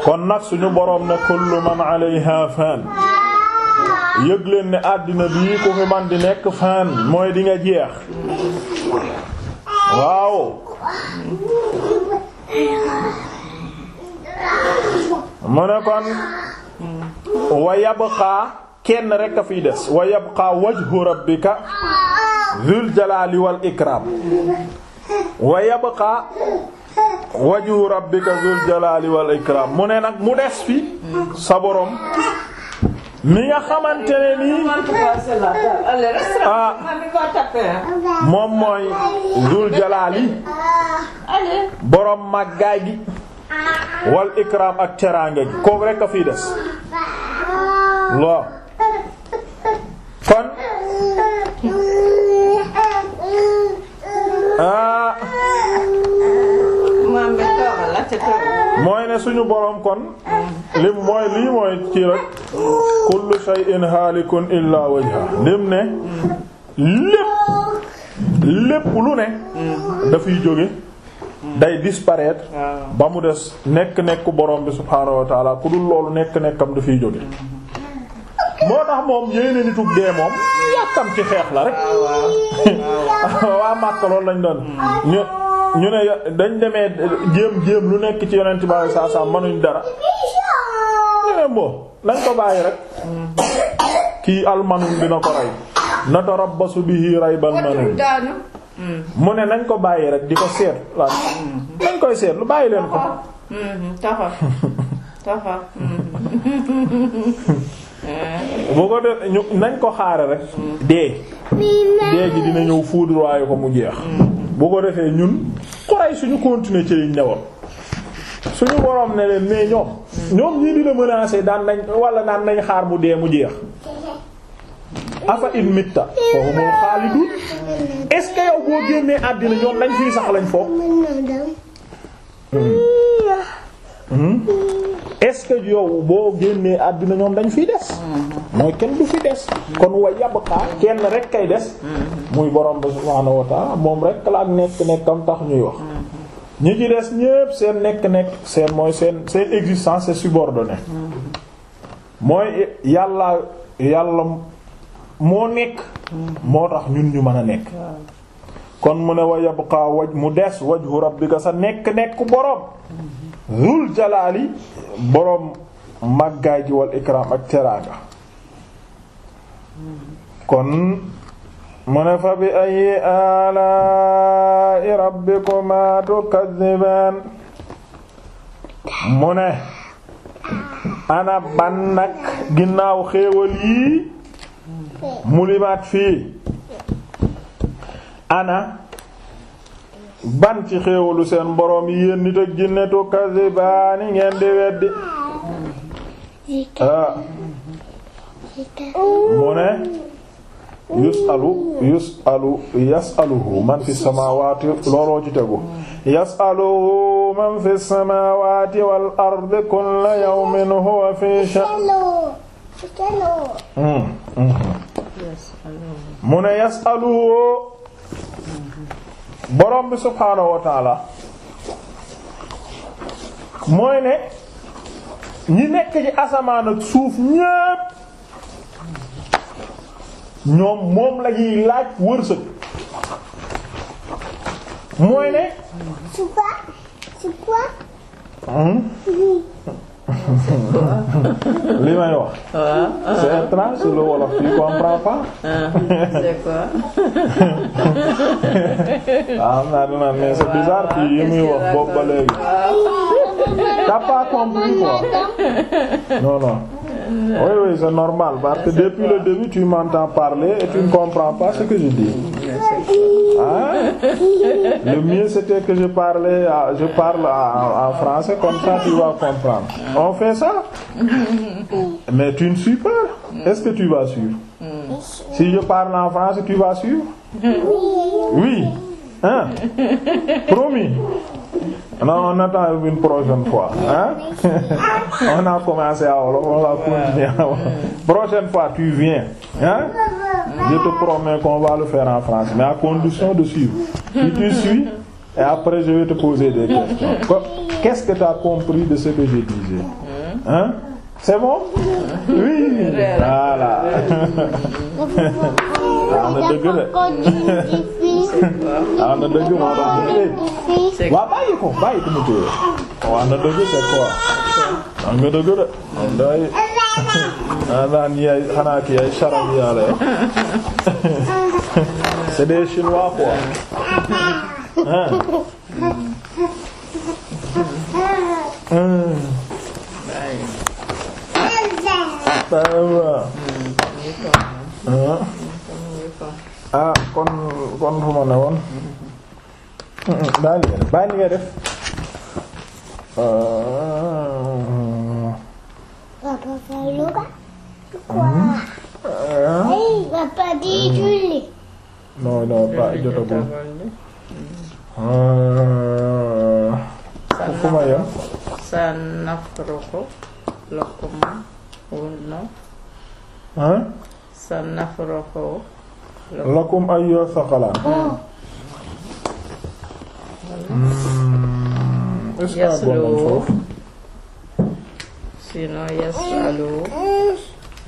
kon nag suñu boroom ne kullu man alayha fan yëg leen ne àddina bii ku fi man di nekk fan mooy di nga jeex waaw mu ne kon wa yabqaa kenn rek a fiy des wa yabqaa wajhu rabbika dhul jalali wal ikram wa yabqaa wajhu rabbika dhul jalali wal ikram mu ne nag mu des fi sa borom mi nga xamante ne nii ah moom mooy Zul Jalaali borom màggaay gi wal ikraam ak teraanga gi kooku rek a fiy des waaw. ne suñu borom kon lim mooy lii mooy ci rek kullu shay'in halikun illa wajha lim ne lépp lépp lu ne dafay jóge day disparaître ba mu des nekk nekk boroom bi subhaanahu wa taala ku dul loolu nekk nekkam dafay jóge moo tax moom yéene nitug dee moom yàkkam ci xeex la rek waa màkk loolu lañ doon ñu ne dañ demee jéem jéem lu nekk ci yonent bi saa saa manuñ dara ñu eh, ne nañ ko bàyyi rek kii almanun dina ko rey natarabbasu bihi raybal manun mu ne nañ ko bàyyi rek di ko seet lan nañ koy seet lu bàyyi leen ko tafa mm-hmm. tafa mm-hmm. ko def ñu nañ ko xaare rek mm-hmm. dee dee ji dina ñëw foudroyer ko mu jeex bu ko defee ñun Quraysh suñu continuer ci liñ newoon suñu borom ne leen mais ñoom ñoom ñii di la menacer daan nañ wala daan nañ xaar mu dee mu jeex afa in mitta foofu moom xaalidun est-ce yow boo génnee àddina ñoom lañ fii sax lañ foofu hmm. hmm. est-ce que yow boo génnee àddina ñoom dañ fi des mm-hmm. mooy kenn du fi des kon wa yabqaa kenn rek ay des mm-hmm. muy borom bi subhaanahu wa ta'ala moom rek la ak nekk nekkam tax ñuy wax mm-hmm. ñi ci des ñépp seen nekk nekk seen mooy seen seen existence c'est subordonné mooy yàlla yàlla moo nekk moo tax ñun ñu mën a nekk kon mu ne wa yabqaa waj mu des wajhu rabbika sa nekk nekk borom zul jalaali boroom màggaay ji wal ikraam ak teraanga kon mu ne fa bi ay alaa'i rabbikumaa tukazzibaan mu ne ana ban nag ginnaaw xéewal yii mulimaat fii ana ban ci xéewalu seen boroom yéen nit ak jinne tukazzibaani ngeen di weddi ah mu ne yusalu yusalu yasaluhu man fi samawati looloo ci tegu yasaluhu man fi samawati wal ardi kulla yawmin huwa fi sha'n hmm, hmm, hmm. mu ne yasaluhu boroom bi subhaanahu wa taala mooy ne ñi nekk ci asamaan ak suuf ñépp ñoom moom la ñuy laaj wërsëg mooy ne. Hmm? li may wax. waaw c'est étrange le wolof tu comprends pas. c'est quoi. ah am naa dina mais c'est bizarre kii yi muy wax boobu ba léegi. t'as pas compris quoi. non non. oui oui c'est normal parce que depuis le début tu m'entends parler et tu ne comprends pas ce que je dis. ah le mieux c'était que je parlais je parle en français comme ça tu vas comprendre. on fait ça. mais tu ne suis pas. est-ce que tu vas suivre. si je parle en français tu vas suivre. oui. hein promis. non on attend une prochaine fois hein on a commencé à wolof on va continuer à prochaine fois tu viens hein je te promets qu'on va le faire en France mais à condition de suivre si tu suis et après je vais te poser des questions qu'est-ce que tu as de ce que je disais hein c'est bon oui voilà ah, ah na dëgg moo tax ñu waaw bàyyi ko bàyyi ko mu téye waaw na dëgg c'est quoi am nga dëgg de am day naan yaay xanaa ki yaay charab yàlla c'est des chinois quoi ah am fu ma ne woon bàyyi li nga def bàyyi li nga def papa di julli non non ba jotagul fu euh, ma yem sa nafruqu lakum wa no sa nafruqu lakum ayyuha saqalaan oh. hmm. yaslu sinon yasalu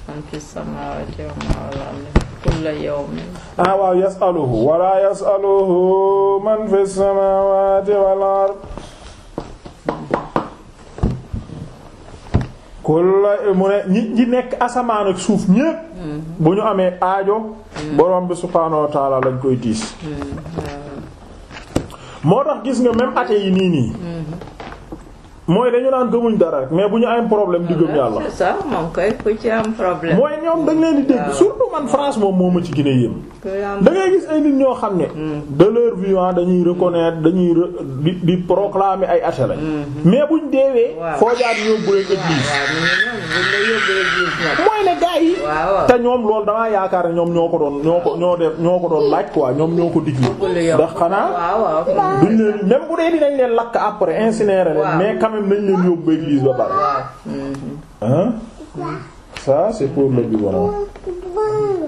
man fi samaawaati wa man fil ardi kulla yawmin ah waaw yasaluhu wala yasaluhu man fi samaawaati wal ardi kulla eh, mu ne ñi ñi nekk asamaan ak suuf ñépp mm. bu ñu amee aajo mm. borom bi subhaanahu wa taala koy diis mm. moo tax gis nga même ate yi nii nii mooy dañu naan gëmuñ dara mais bu ñu am problème di gëm ah, yàlla. c'est ça moom kay ku ci am mooy ñoom dañ leen di dégg surtout man France moom moo ma ci gën a yéem. gis ay ñoo xam ne. Mm. de leur dañuy reconnaître dañuy di di proclamer ay athées lañ. Mm-hmm. mais buñ deewee. waaw foo jaar yóbbu rek église. ne gars yi. te ñoom lool damaa yaakaar ne ñoom ñoo ko doon ñoo ko ñoo ñoo ko doon laaj quoi ñoom ñoo ko digle. ndax xanaa duñ leen même bu dee dinañ leen lakk après incinéré leen mais même nañ leen yóbbu église ba pare hein ça c'est pour le biberon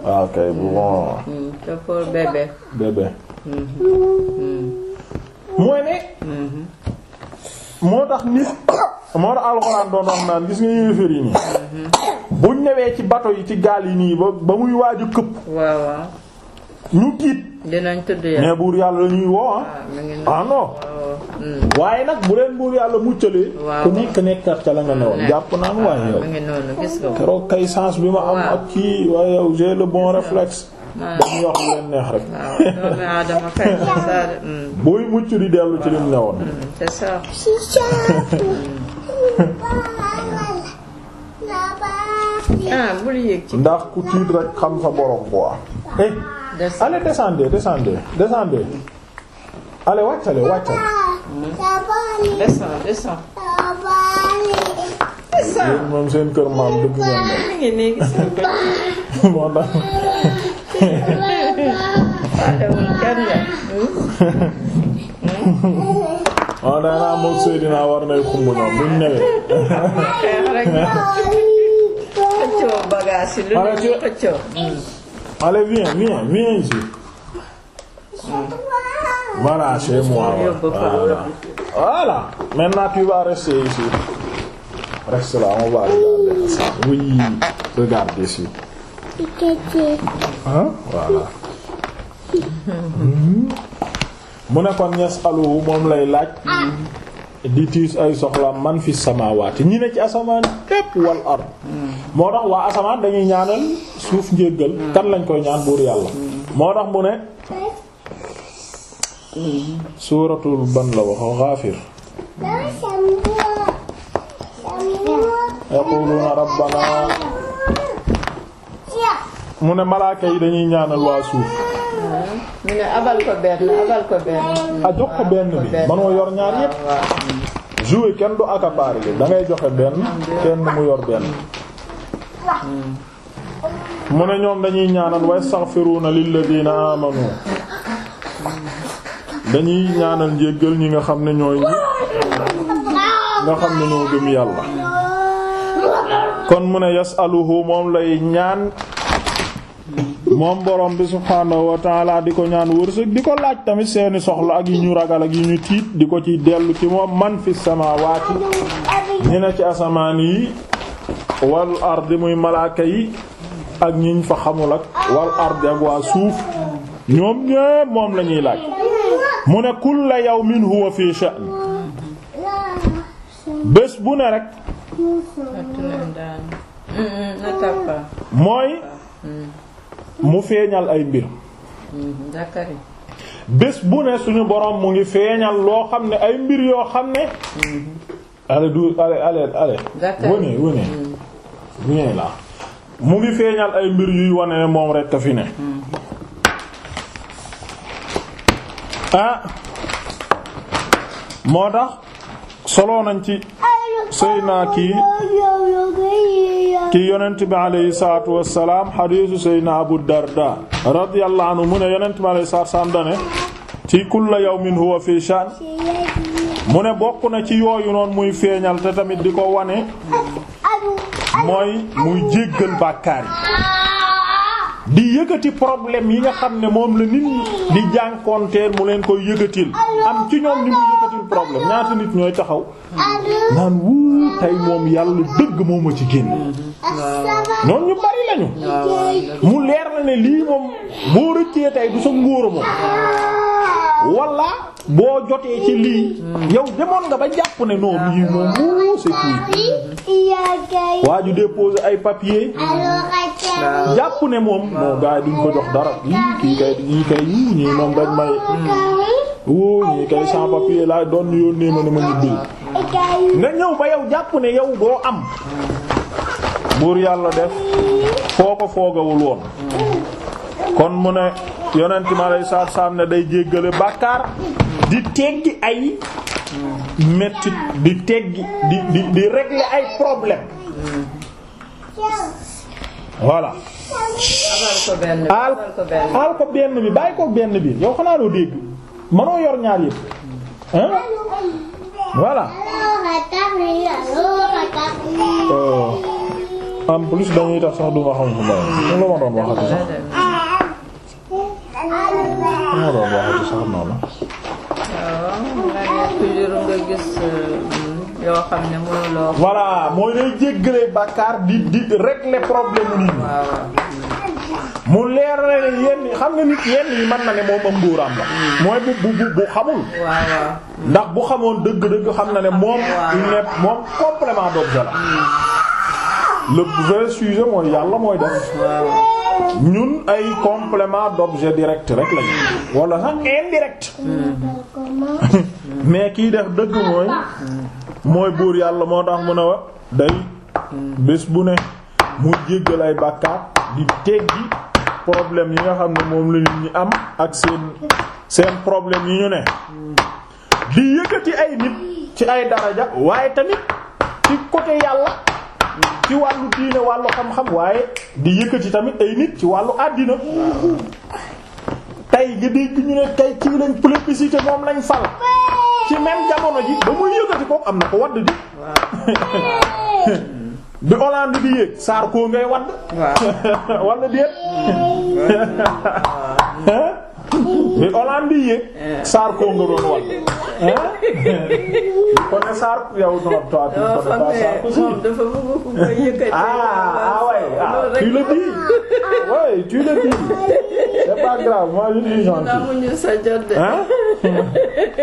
ah, ok bon hmm, c'est pour bébé bébé hmm. mooy ne hmm. moo tax nit moo tax alxuraan doon wax naan gis nga yéeféer yi nii buñ newee ci bato yi ci gaal yi nii ba ba muy waaju këpp waaw waaw ñu tiit mais buur yàlla la ñuy woo ah. Ah, Mm. waaye nag bu leen buur yàlla muccalee ku nekk nekkat ca la nga newoon mm. jàpp naa nga waaye yow keroog kay sens bi ma am ak kii waaye yow le bon réflexe ba wax leen neex rek mm. booy mucc dellu ci lim newoon ah, ndax ku tiit rek xam sa borom quoi. eh allez descendez descendez descendez allez wàccale wàccale ne descend descend descend moom seen kër maam dëgg la ngi ne gis nga moo tax waaw ah, nee naa moom Seydina war nay xumb ñoom buñ newee xëccoo bagage yi lu ne voilà chez moi voilà voilà maintenant tu vas rester ici reste là on va regarder ça oui regarde hmm. mu ne kon ñes moom lay laaj. di tiis ay soxla man fi samaawaati ñi ne ci asamaan képp wal ard moo tax waa asamaan dañuy ñaanal suuf njéggal kan lañ koy ñaan buur yàlla. moo tax mu ne. suuratul ban la waxoon xaafir yaquluuna rabbana mu ne malaaka yi dañuy ñaanal waa suuf mu ne abal ko benn a ah, jox ko benn bi manoo yor ñaar yépp jouer kenn du accaparer da ngay joxe benn kenn mu yor benn mu ne ñoom dañuy ñaanal wa yastaghfiruna lilladina amanu dañuy ñaanal njéggal ñi nga xam ne ñooy nga xam ne ñoo gëm yàlla kon mu ne yasaluhu moom lay ñaan moom borom bi subhaanahu wa di ko ñaan wërsëg di ko laaj tamit seeni soxla ak yi ñu ragal ak yi ñu tiit di ko ci dellu ci moom man fi samaawaati ñi ne ci asamaan yi wal ardi muy malaaka yi ak ñiñ fa xamul ak wal ardi ak waa suuf ñoom ñépp moom lañuy laaj mu ne kulla yawmin huwa fi sha'n bés bu ne rek mooy mu feeñal ay mbir bés bu ne suñu boroom mu ngi feeñal loo xam ne ay mbir yoo xam ne ale du ale ale ale wone wone mu ngi feeñal ay mbir yuy wane ne moom rekk a fi ne mm. ah moo tax solo nañ ci Seydina kii kii yonent bi alayhi salaatu wa salaam hadiisu Abu Darda radiyallahu anhu mu ne yonent bi alayhi salaatu wa salaam dane ci kulla yawmin huwa fi sha'n mu ne bokk na ci yooyu noonu muy feeñal te tamit di ko wane mooy muy jéggal bàkkaar di yëkkati problème yi nga xam ne moom la nit di jànkonteel mu leen koy yëkkatil am ci ñoom ni mu yëkkatil problème ñaata nit ñooy taxaw naan wuu tey moom yàlla dëgg moo ma ci génn noonu ñu bari lañu mu leer na ne lii moom boo rëccee tey du sa ngóora walla boo jotee ci lii yow demoon nga ba jàpp ne non lii moom wuu c'est tout waa ju déposer ay papier jàpp ne moom non gars duñ ko jox dara lii kii kay ñii kay yii ñii moom yónnee ma ne ma ñibbi nga ñëw ba yow jàpp ne yow boo am buur yàlla def foo ko foogawul woon mm. kon mu ne yonent ma lay saar saar ne day jéggale bàkkaar di teggi ay mettit di teggi di di di régler ay problème voilà. aal aal ko benn bi bàyyi ko benn bi yow xanaa doo dégg mënoo yor ñaar yëpp hein voilà. Oh. en plus dañuy tax sax du ma xam nga lu ma doon waxati sax lu ma doon waxati sax noonu. waaw toujours nga gis euh, yoo xam mooy day jéggalee bàkkaar di di régler problème nit ñi. mu leer na ne yenn xam nga nit yenn yi mën na ne moom am nguuraam la. Hmm. mooy bu bu xamul. ndax bu xamoon dëgg-dëgg xam na ne moom. il ne moom complément d'objet la. Hmm. le vrai sujet mooy yàlla mooy def. ñun ay complément d'objet direct rek lañu wala sax indirect mais kiy def dëgg mooy mooy buur yàlla moo tax mën a wa day bés bu ne mu jéggal ay bàkkaar di teggi problème yi nga xam ne moom la ñu am ak seen seen problème yi ñu ne di yëkkati ay nit ci ay daraja waaye tamit ci côté yàlla ci wàllu diine wàllu xam-xam waaye di yëkkati tamit ay nit ci wàllu àddina tey nga dégg ñu ne tey kii lañ plébiscité moom lañ fal ci même jamono ji ba muy yëkkati ko am na ko wadd di bi Hollande di yéeg Sarko ngay wadd walla déet bi Hollande yi yëpp Sarko nga doon kon ne Sarko yow non toi tu ne connais pas Sarko si ah, ah ouais ah tu le dis ouais tu le dis c'est pas grave moi je suis gentil hein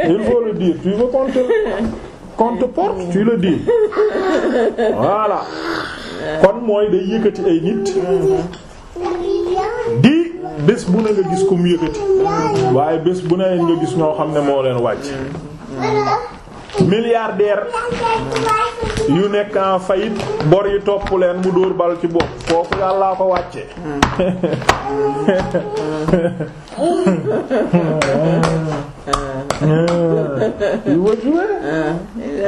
il faut le dire tu veux kon mooy day yëkkati ay nit di bés bu ne nga gis kum yëkkati waaye bés bu ne nga gis ñoo xam ne moo leen wàcc milliardaire yu nekk en faillite bor yi topp leen mu dóor bal ci bopp foofu yàllaa ko wàcce yu wëccu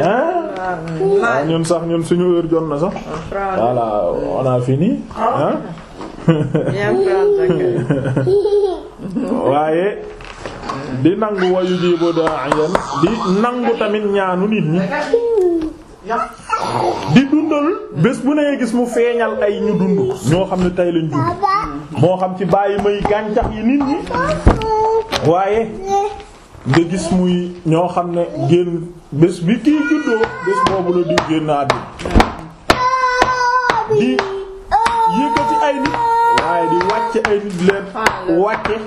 ah, ñun sax ñun suñu heure jot na sax voilà on a fini hein waaye di nangu wa yujibu da'iyan di nangu tamit ñaanu nit ñi di dundal bés bu ne gis mu feeñal ay ñu dund ñoo xam ne tey lañ dund moo xam ci bàyyi may gàncax yi nit ñi waaye nga gis muy ñoo xam ne génn bés bi kii juddoo bés boobu la di génn àddina di yëkkati ay nit waaye di wàcce ay nit leen wàcce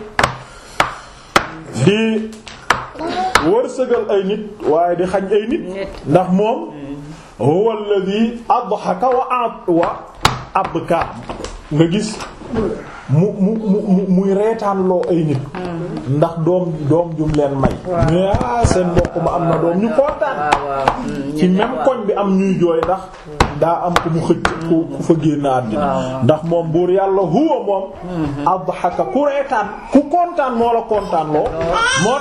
di wërsëgal ay nit waaye di xañ ay nit ndax moom huwa alladhi adhaka wa wa abka nga gis mu mu mu muy reetaanloo ay nit hmm. ndax doom doom jum leen may mais seen mbokk ma am na doom ñu kontaan hmm, ci même koñ bi am ñuy jooy ndax hmm. daa am ku mu xëcc ku fa génn àddina ndax moom buur yàlla huwa moom mhm. adhaka ku reetaan ku kontaan moo la kontaan moo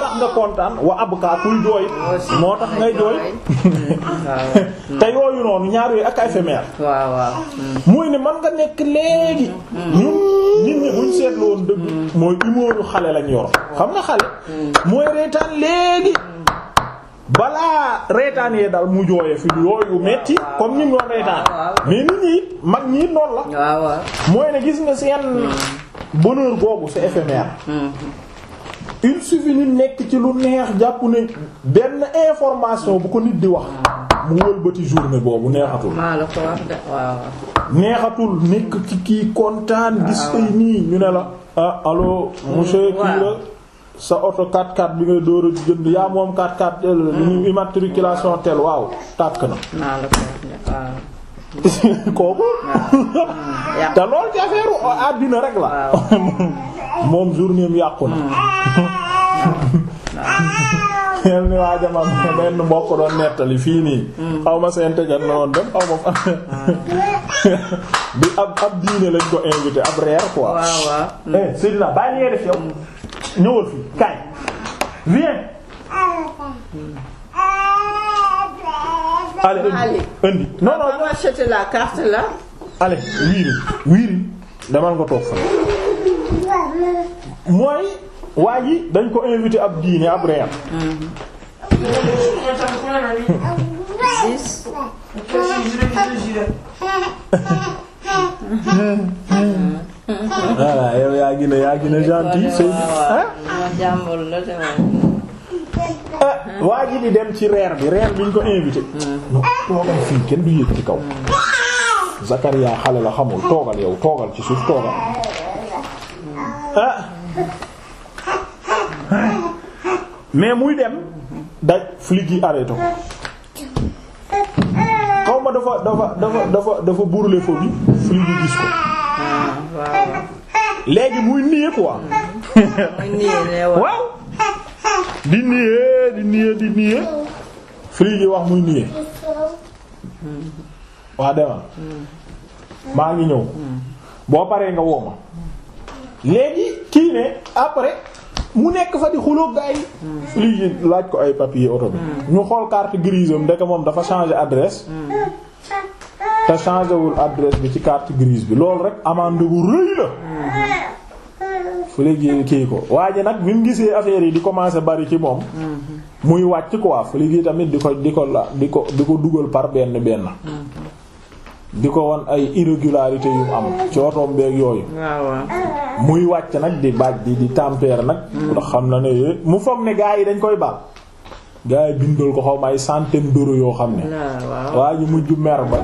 tax nga kontaan wa abka kuy moo tax ngay jooy te yooyu noonu ñaar yooyu ak éphémère waaw waaw mm. muy ne man nga nekk léegi mm. ñun nit ñi buñ seetlu woon mm. mooy humeur xale lañ yor xam nga xale mooy reetaan léegi balaa reetaan yee daal mu jooye fi yooyu metti comme ni mu doon reetaan mais nit ñi mag ñi noonu la mooy ne gis nga seen hmm. bonheur googu c'est éphémère hmm, hmm. il suffit nit nekk ci lu neex jàpp ne benn information bu ko nit di wax mu wëlbati journée boobu neexatul neexatul nekk ci kii kontaan gis ay nii ñu ne la ah allo monsieur kii la sa oto 4 x bi nga door a jënd yaa moom 4x4. ñu immatriculation tel waaw tàkk na. kooku te loolu ci affaire oh, àddina rek la moom journée yàqu na mel hmm. ni waa doon nettali fii nii hmm. xaw ma seen tëjan la woon dem xaw ma fa bi ab ab diine lañ ko invité ab reer quoi eh Seydina bàyyi ngeen def yow hmm. ñëwal fii kaay viens. allez indi indi. non non wiiri wiiri damal nga toog fa. mooy waa dañ ko invité ab diine ab reer. voilà yow yaa gën a yaa gën a sëy ah, waa ji di dem ci reer bi reer bi ñu ko invité hmm. no toogal fii kenn du yëg ci kaw Zakaria xale la xamul toogal yow toogal ci suuf toogal ah. mais muy dem daj flic yi arrêté ko ma dafa dafa dafa dafa dafa brûler fo bi flic yi gis ko léegi muy nié quoi. waaw. di nié di nié di nié. fri gi wax muy nié. waa demal. maa ngi ñëw. boo paree nga woo léegi kii ne après mu nekk fa di xulóog gaa yi. laaj ko ay papier oto bi. Hmm. ñu xool carte grise am ndeke moom dafa changer adresse. Hmm. te changé wul adresse bi ci carte grise bi loolu rek amende bu rëy la. fële kii kii ko waa ji nag bi mu gisee affaire yi di commencé bari ci moom. muy wàcc quoi fële kii tamit di ko di ko la di ko di ko dugal par benn benn. di ko won ay irrégularité yu am ci otoom beeg yooyu. muy wàcc nag di bàjj di tempérer nag. Mm. ndax xam na ne mu foog ne gaa yi dañ koy baal. gars yi bindal ko xaw ma ay centaine d'euros yoo xam ne. waaw ñu mujj mer ba.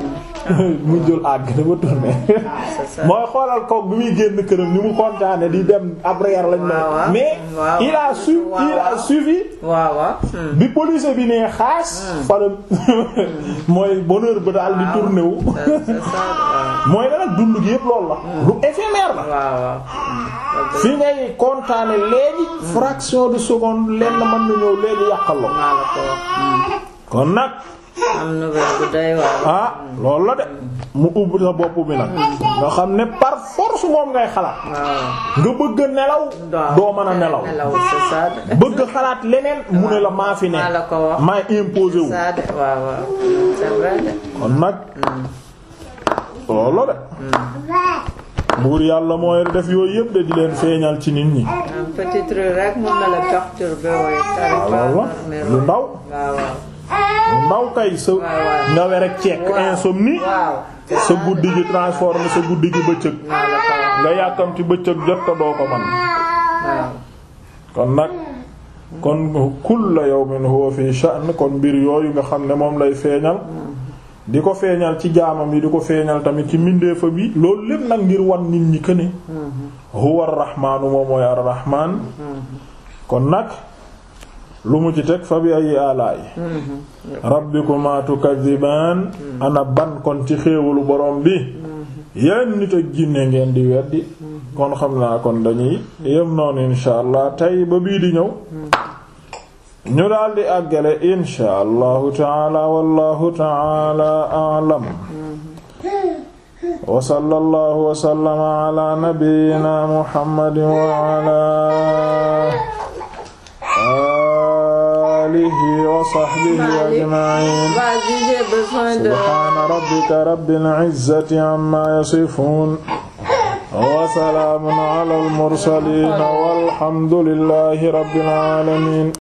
mujjul àgg dafa tourné. Ah, mooy xoolal kook bi muy génn këram ni mu kontaane di dem ab reer lañ. waaw mais il a su il a suivi. Hmm. bi police bi nee xaas. Hmm. fa hmm. mooy bonheur ba daal di tourné wu. mooy nag dund gi yëpp loolu la. lu éphémère la. fi ngay kontaane léegi. fraction de seconde lenn mën na ñëw léegi yàqal la. kon nag. ah loolu la de mu ubbi sa bopp bi nag. nga xam ne par moom ngay xalaat. nga bëgg a nelaw. doo mën a nelaw. bëgg xalaat leneen mu ne la maa fi ne. kon nag. Mm. loolu la de. Mm. buur yàlla mooy def yooyu yëpp de di leen feeñal ci nit ñi. Ah, peut-être rek mën na la perturber ah, lu ndaw. lu ndaw kay sa. nga were ceek insomnie. sa guddi gi transformer sa guddi gi bëccëg. nga yàkkamti bëccëg jot ko doo ko man kon nag. kon kulla yawmin huwa fi sha'n kon mbir yooyu nga xam ne moom lay feeñal. Mm. di ko feeñal ci jaamam yi di ko feeñal tamit ci mbindeefa bi loolu lépp nag ngir wan nit ñi këne mm-hmm. huwa arrahmaanu moom mooy arrahmaan mm-hmm. kon nag lu mu ci teg fa bi ay alaay mm-hmm. rabbikuma tukadhibaan ana ban kon ci xéewalu borom bi yéen nit ak jinne ngeen di weddi kon xam naa kon dañuy yem noonu insha allah tey ba bii di ñëw ñu daldi àggale insha allahu taala wallahu taala a'lam wa sallallahu wa sallama ala nabiyyina muhammadin wa ala alihi wa sahbihi ajma'in subhana rabbika rabbil izzati amma yasifun wa salaamun ala al mursalin walhamdulillahi rabbil alamin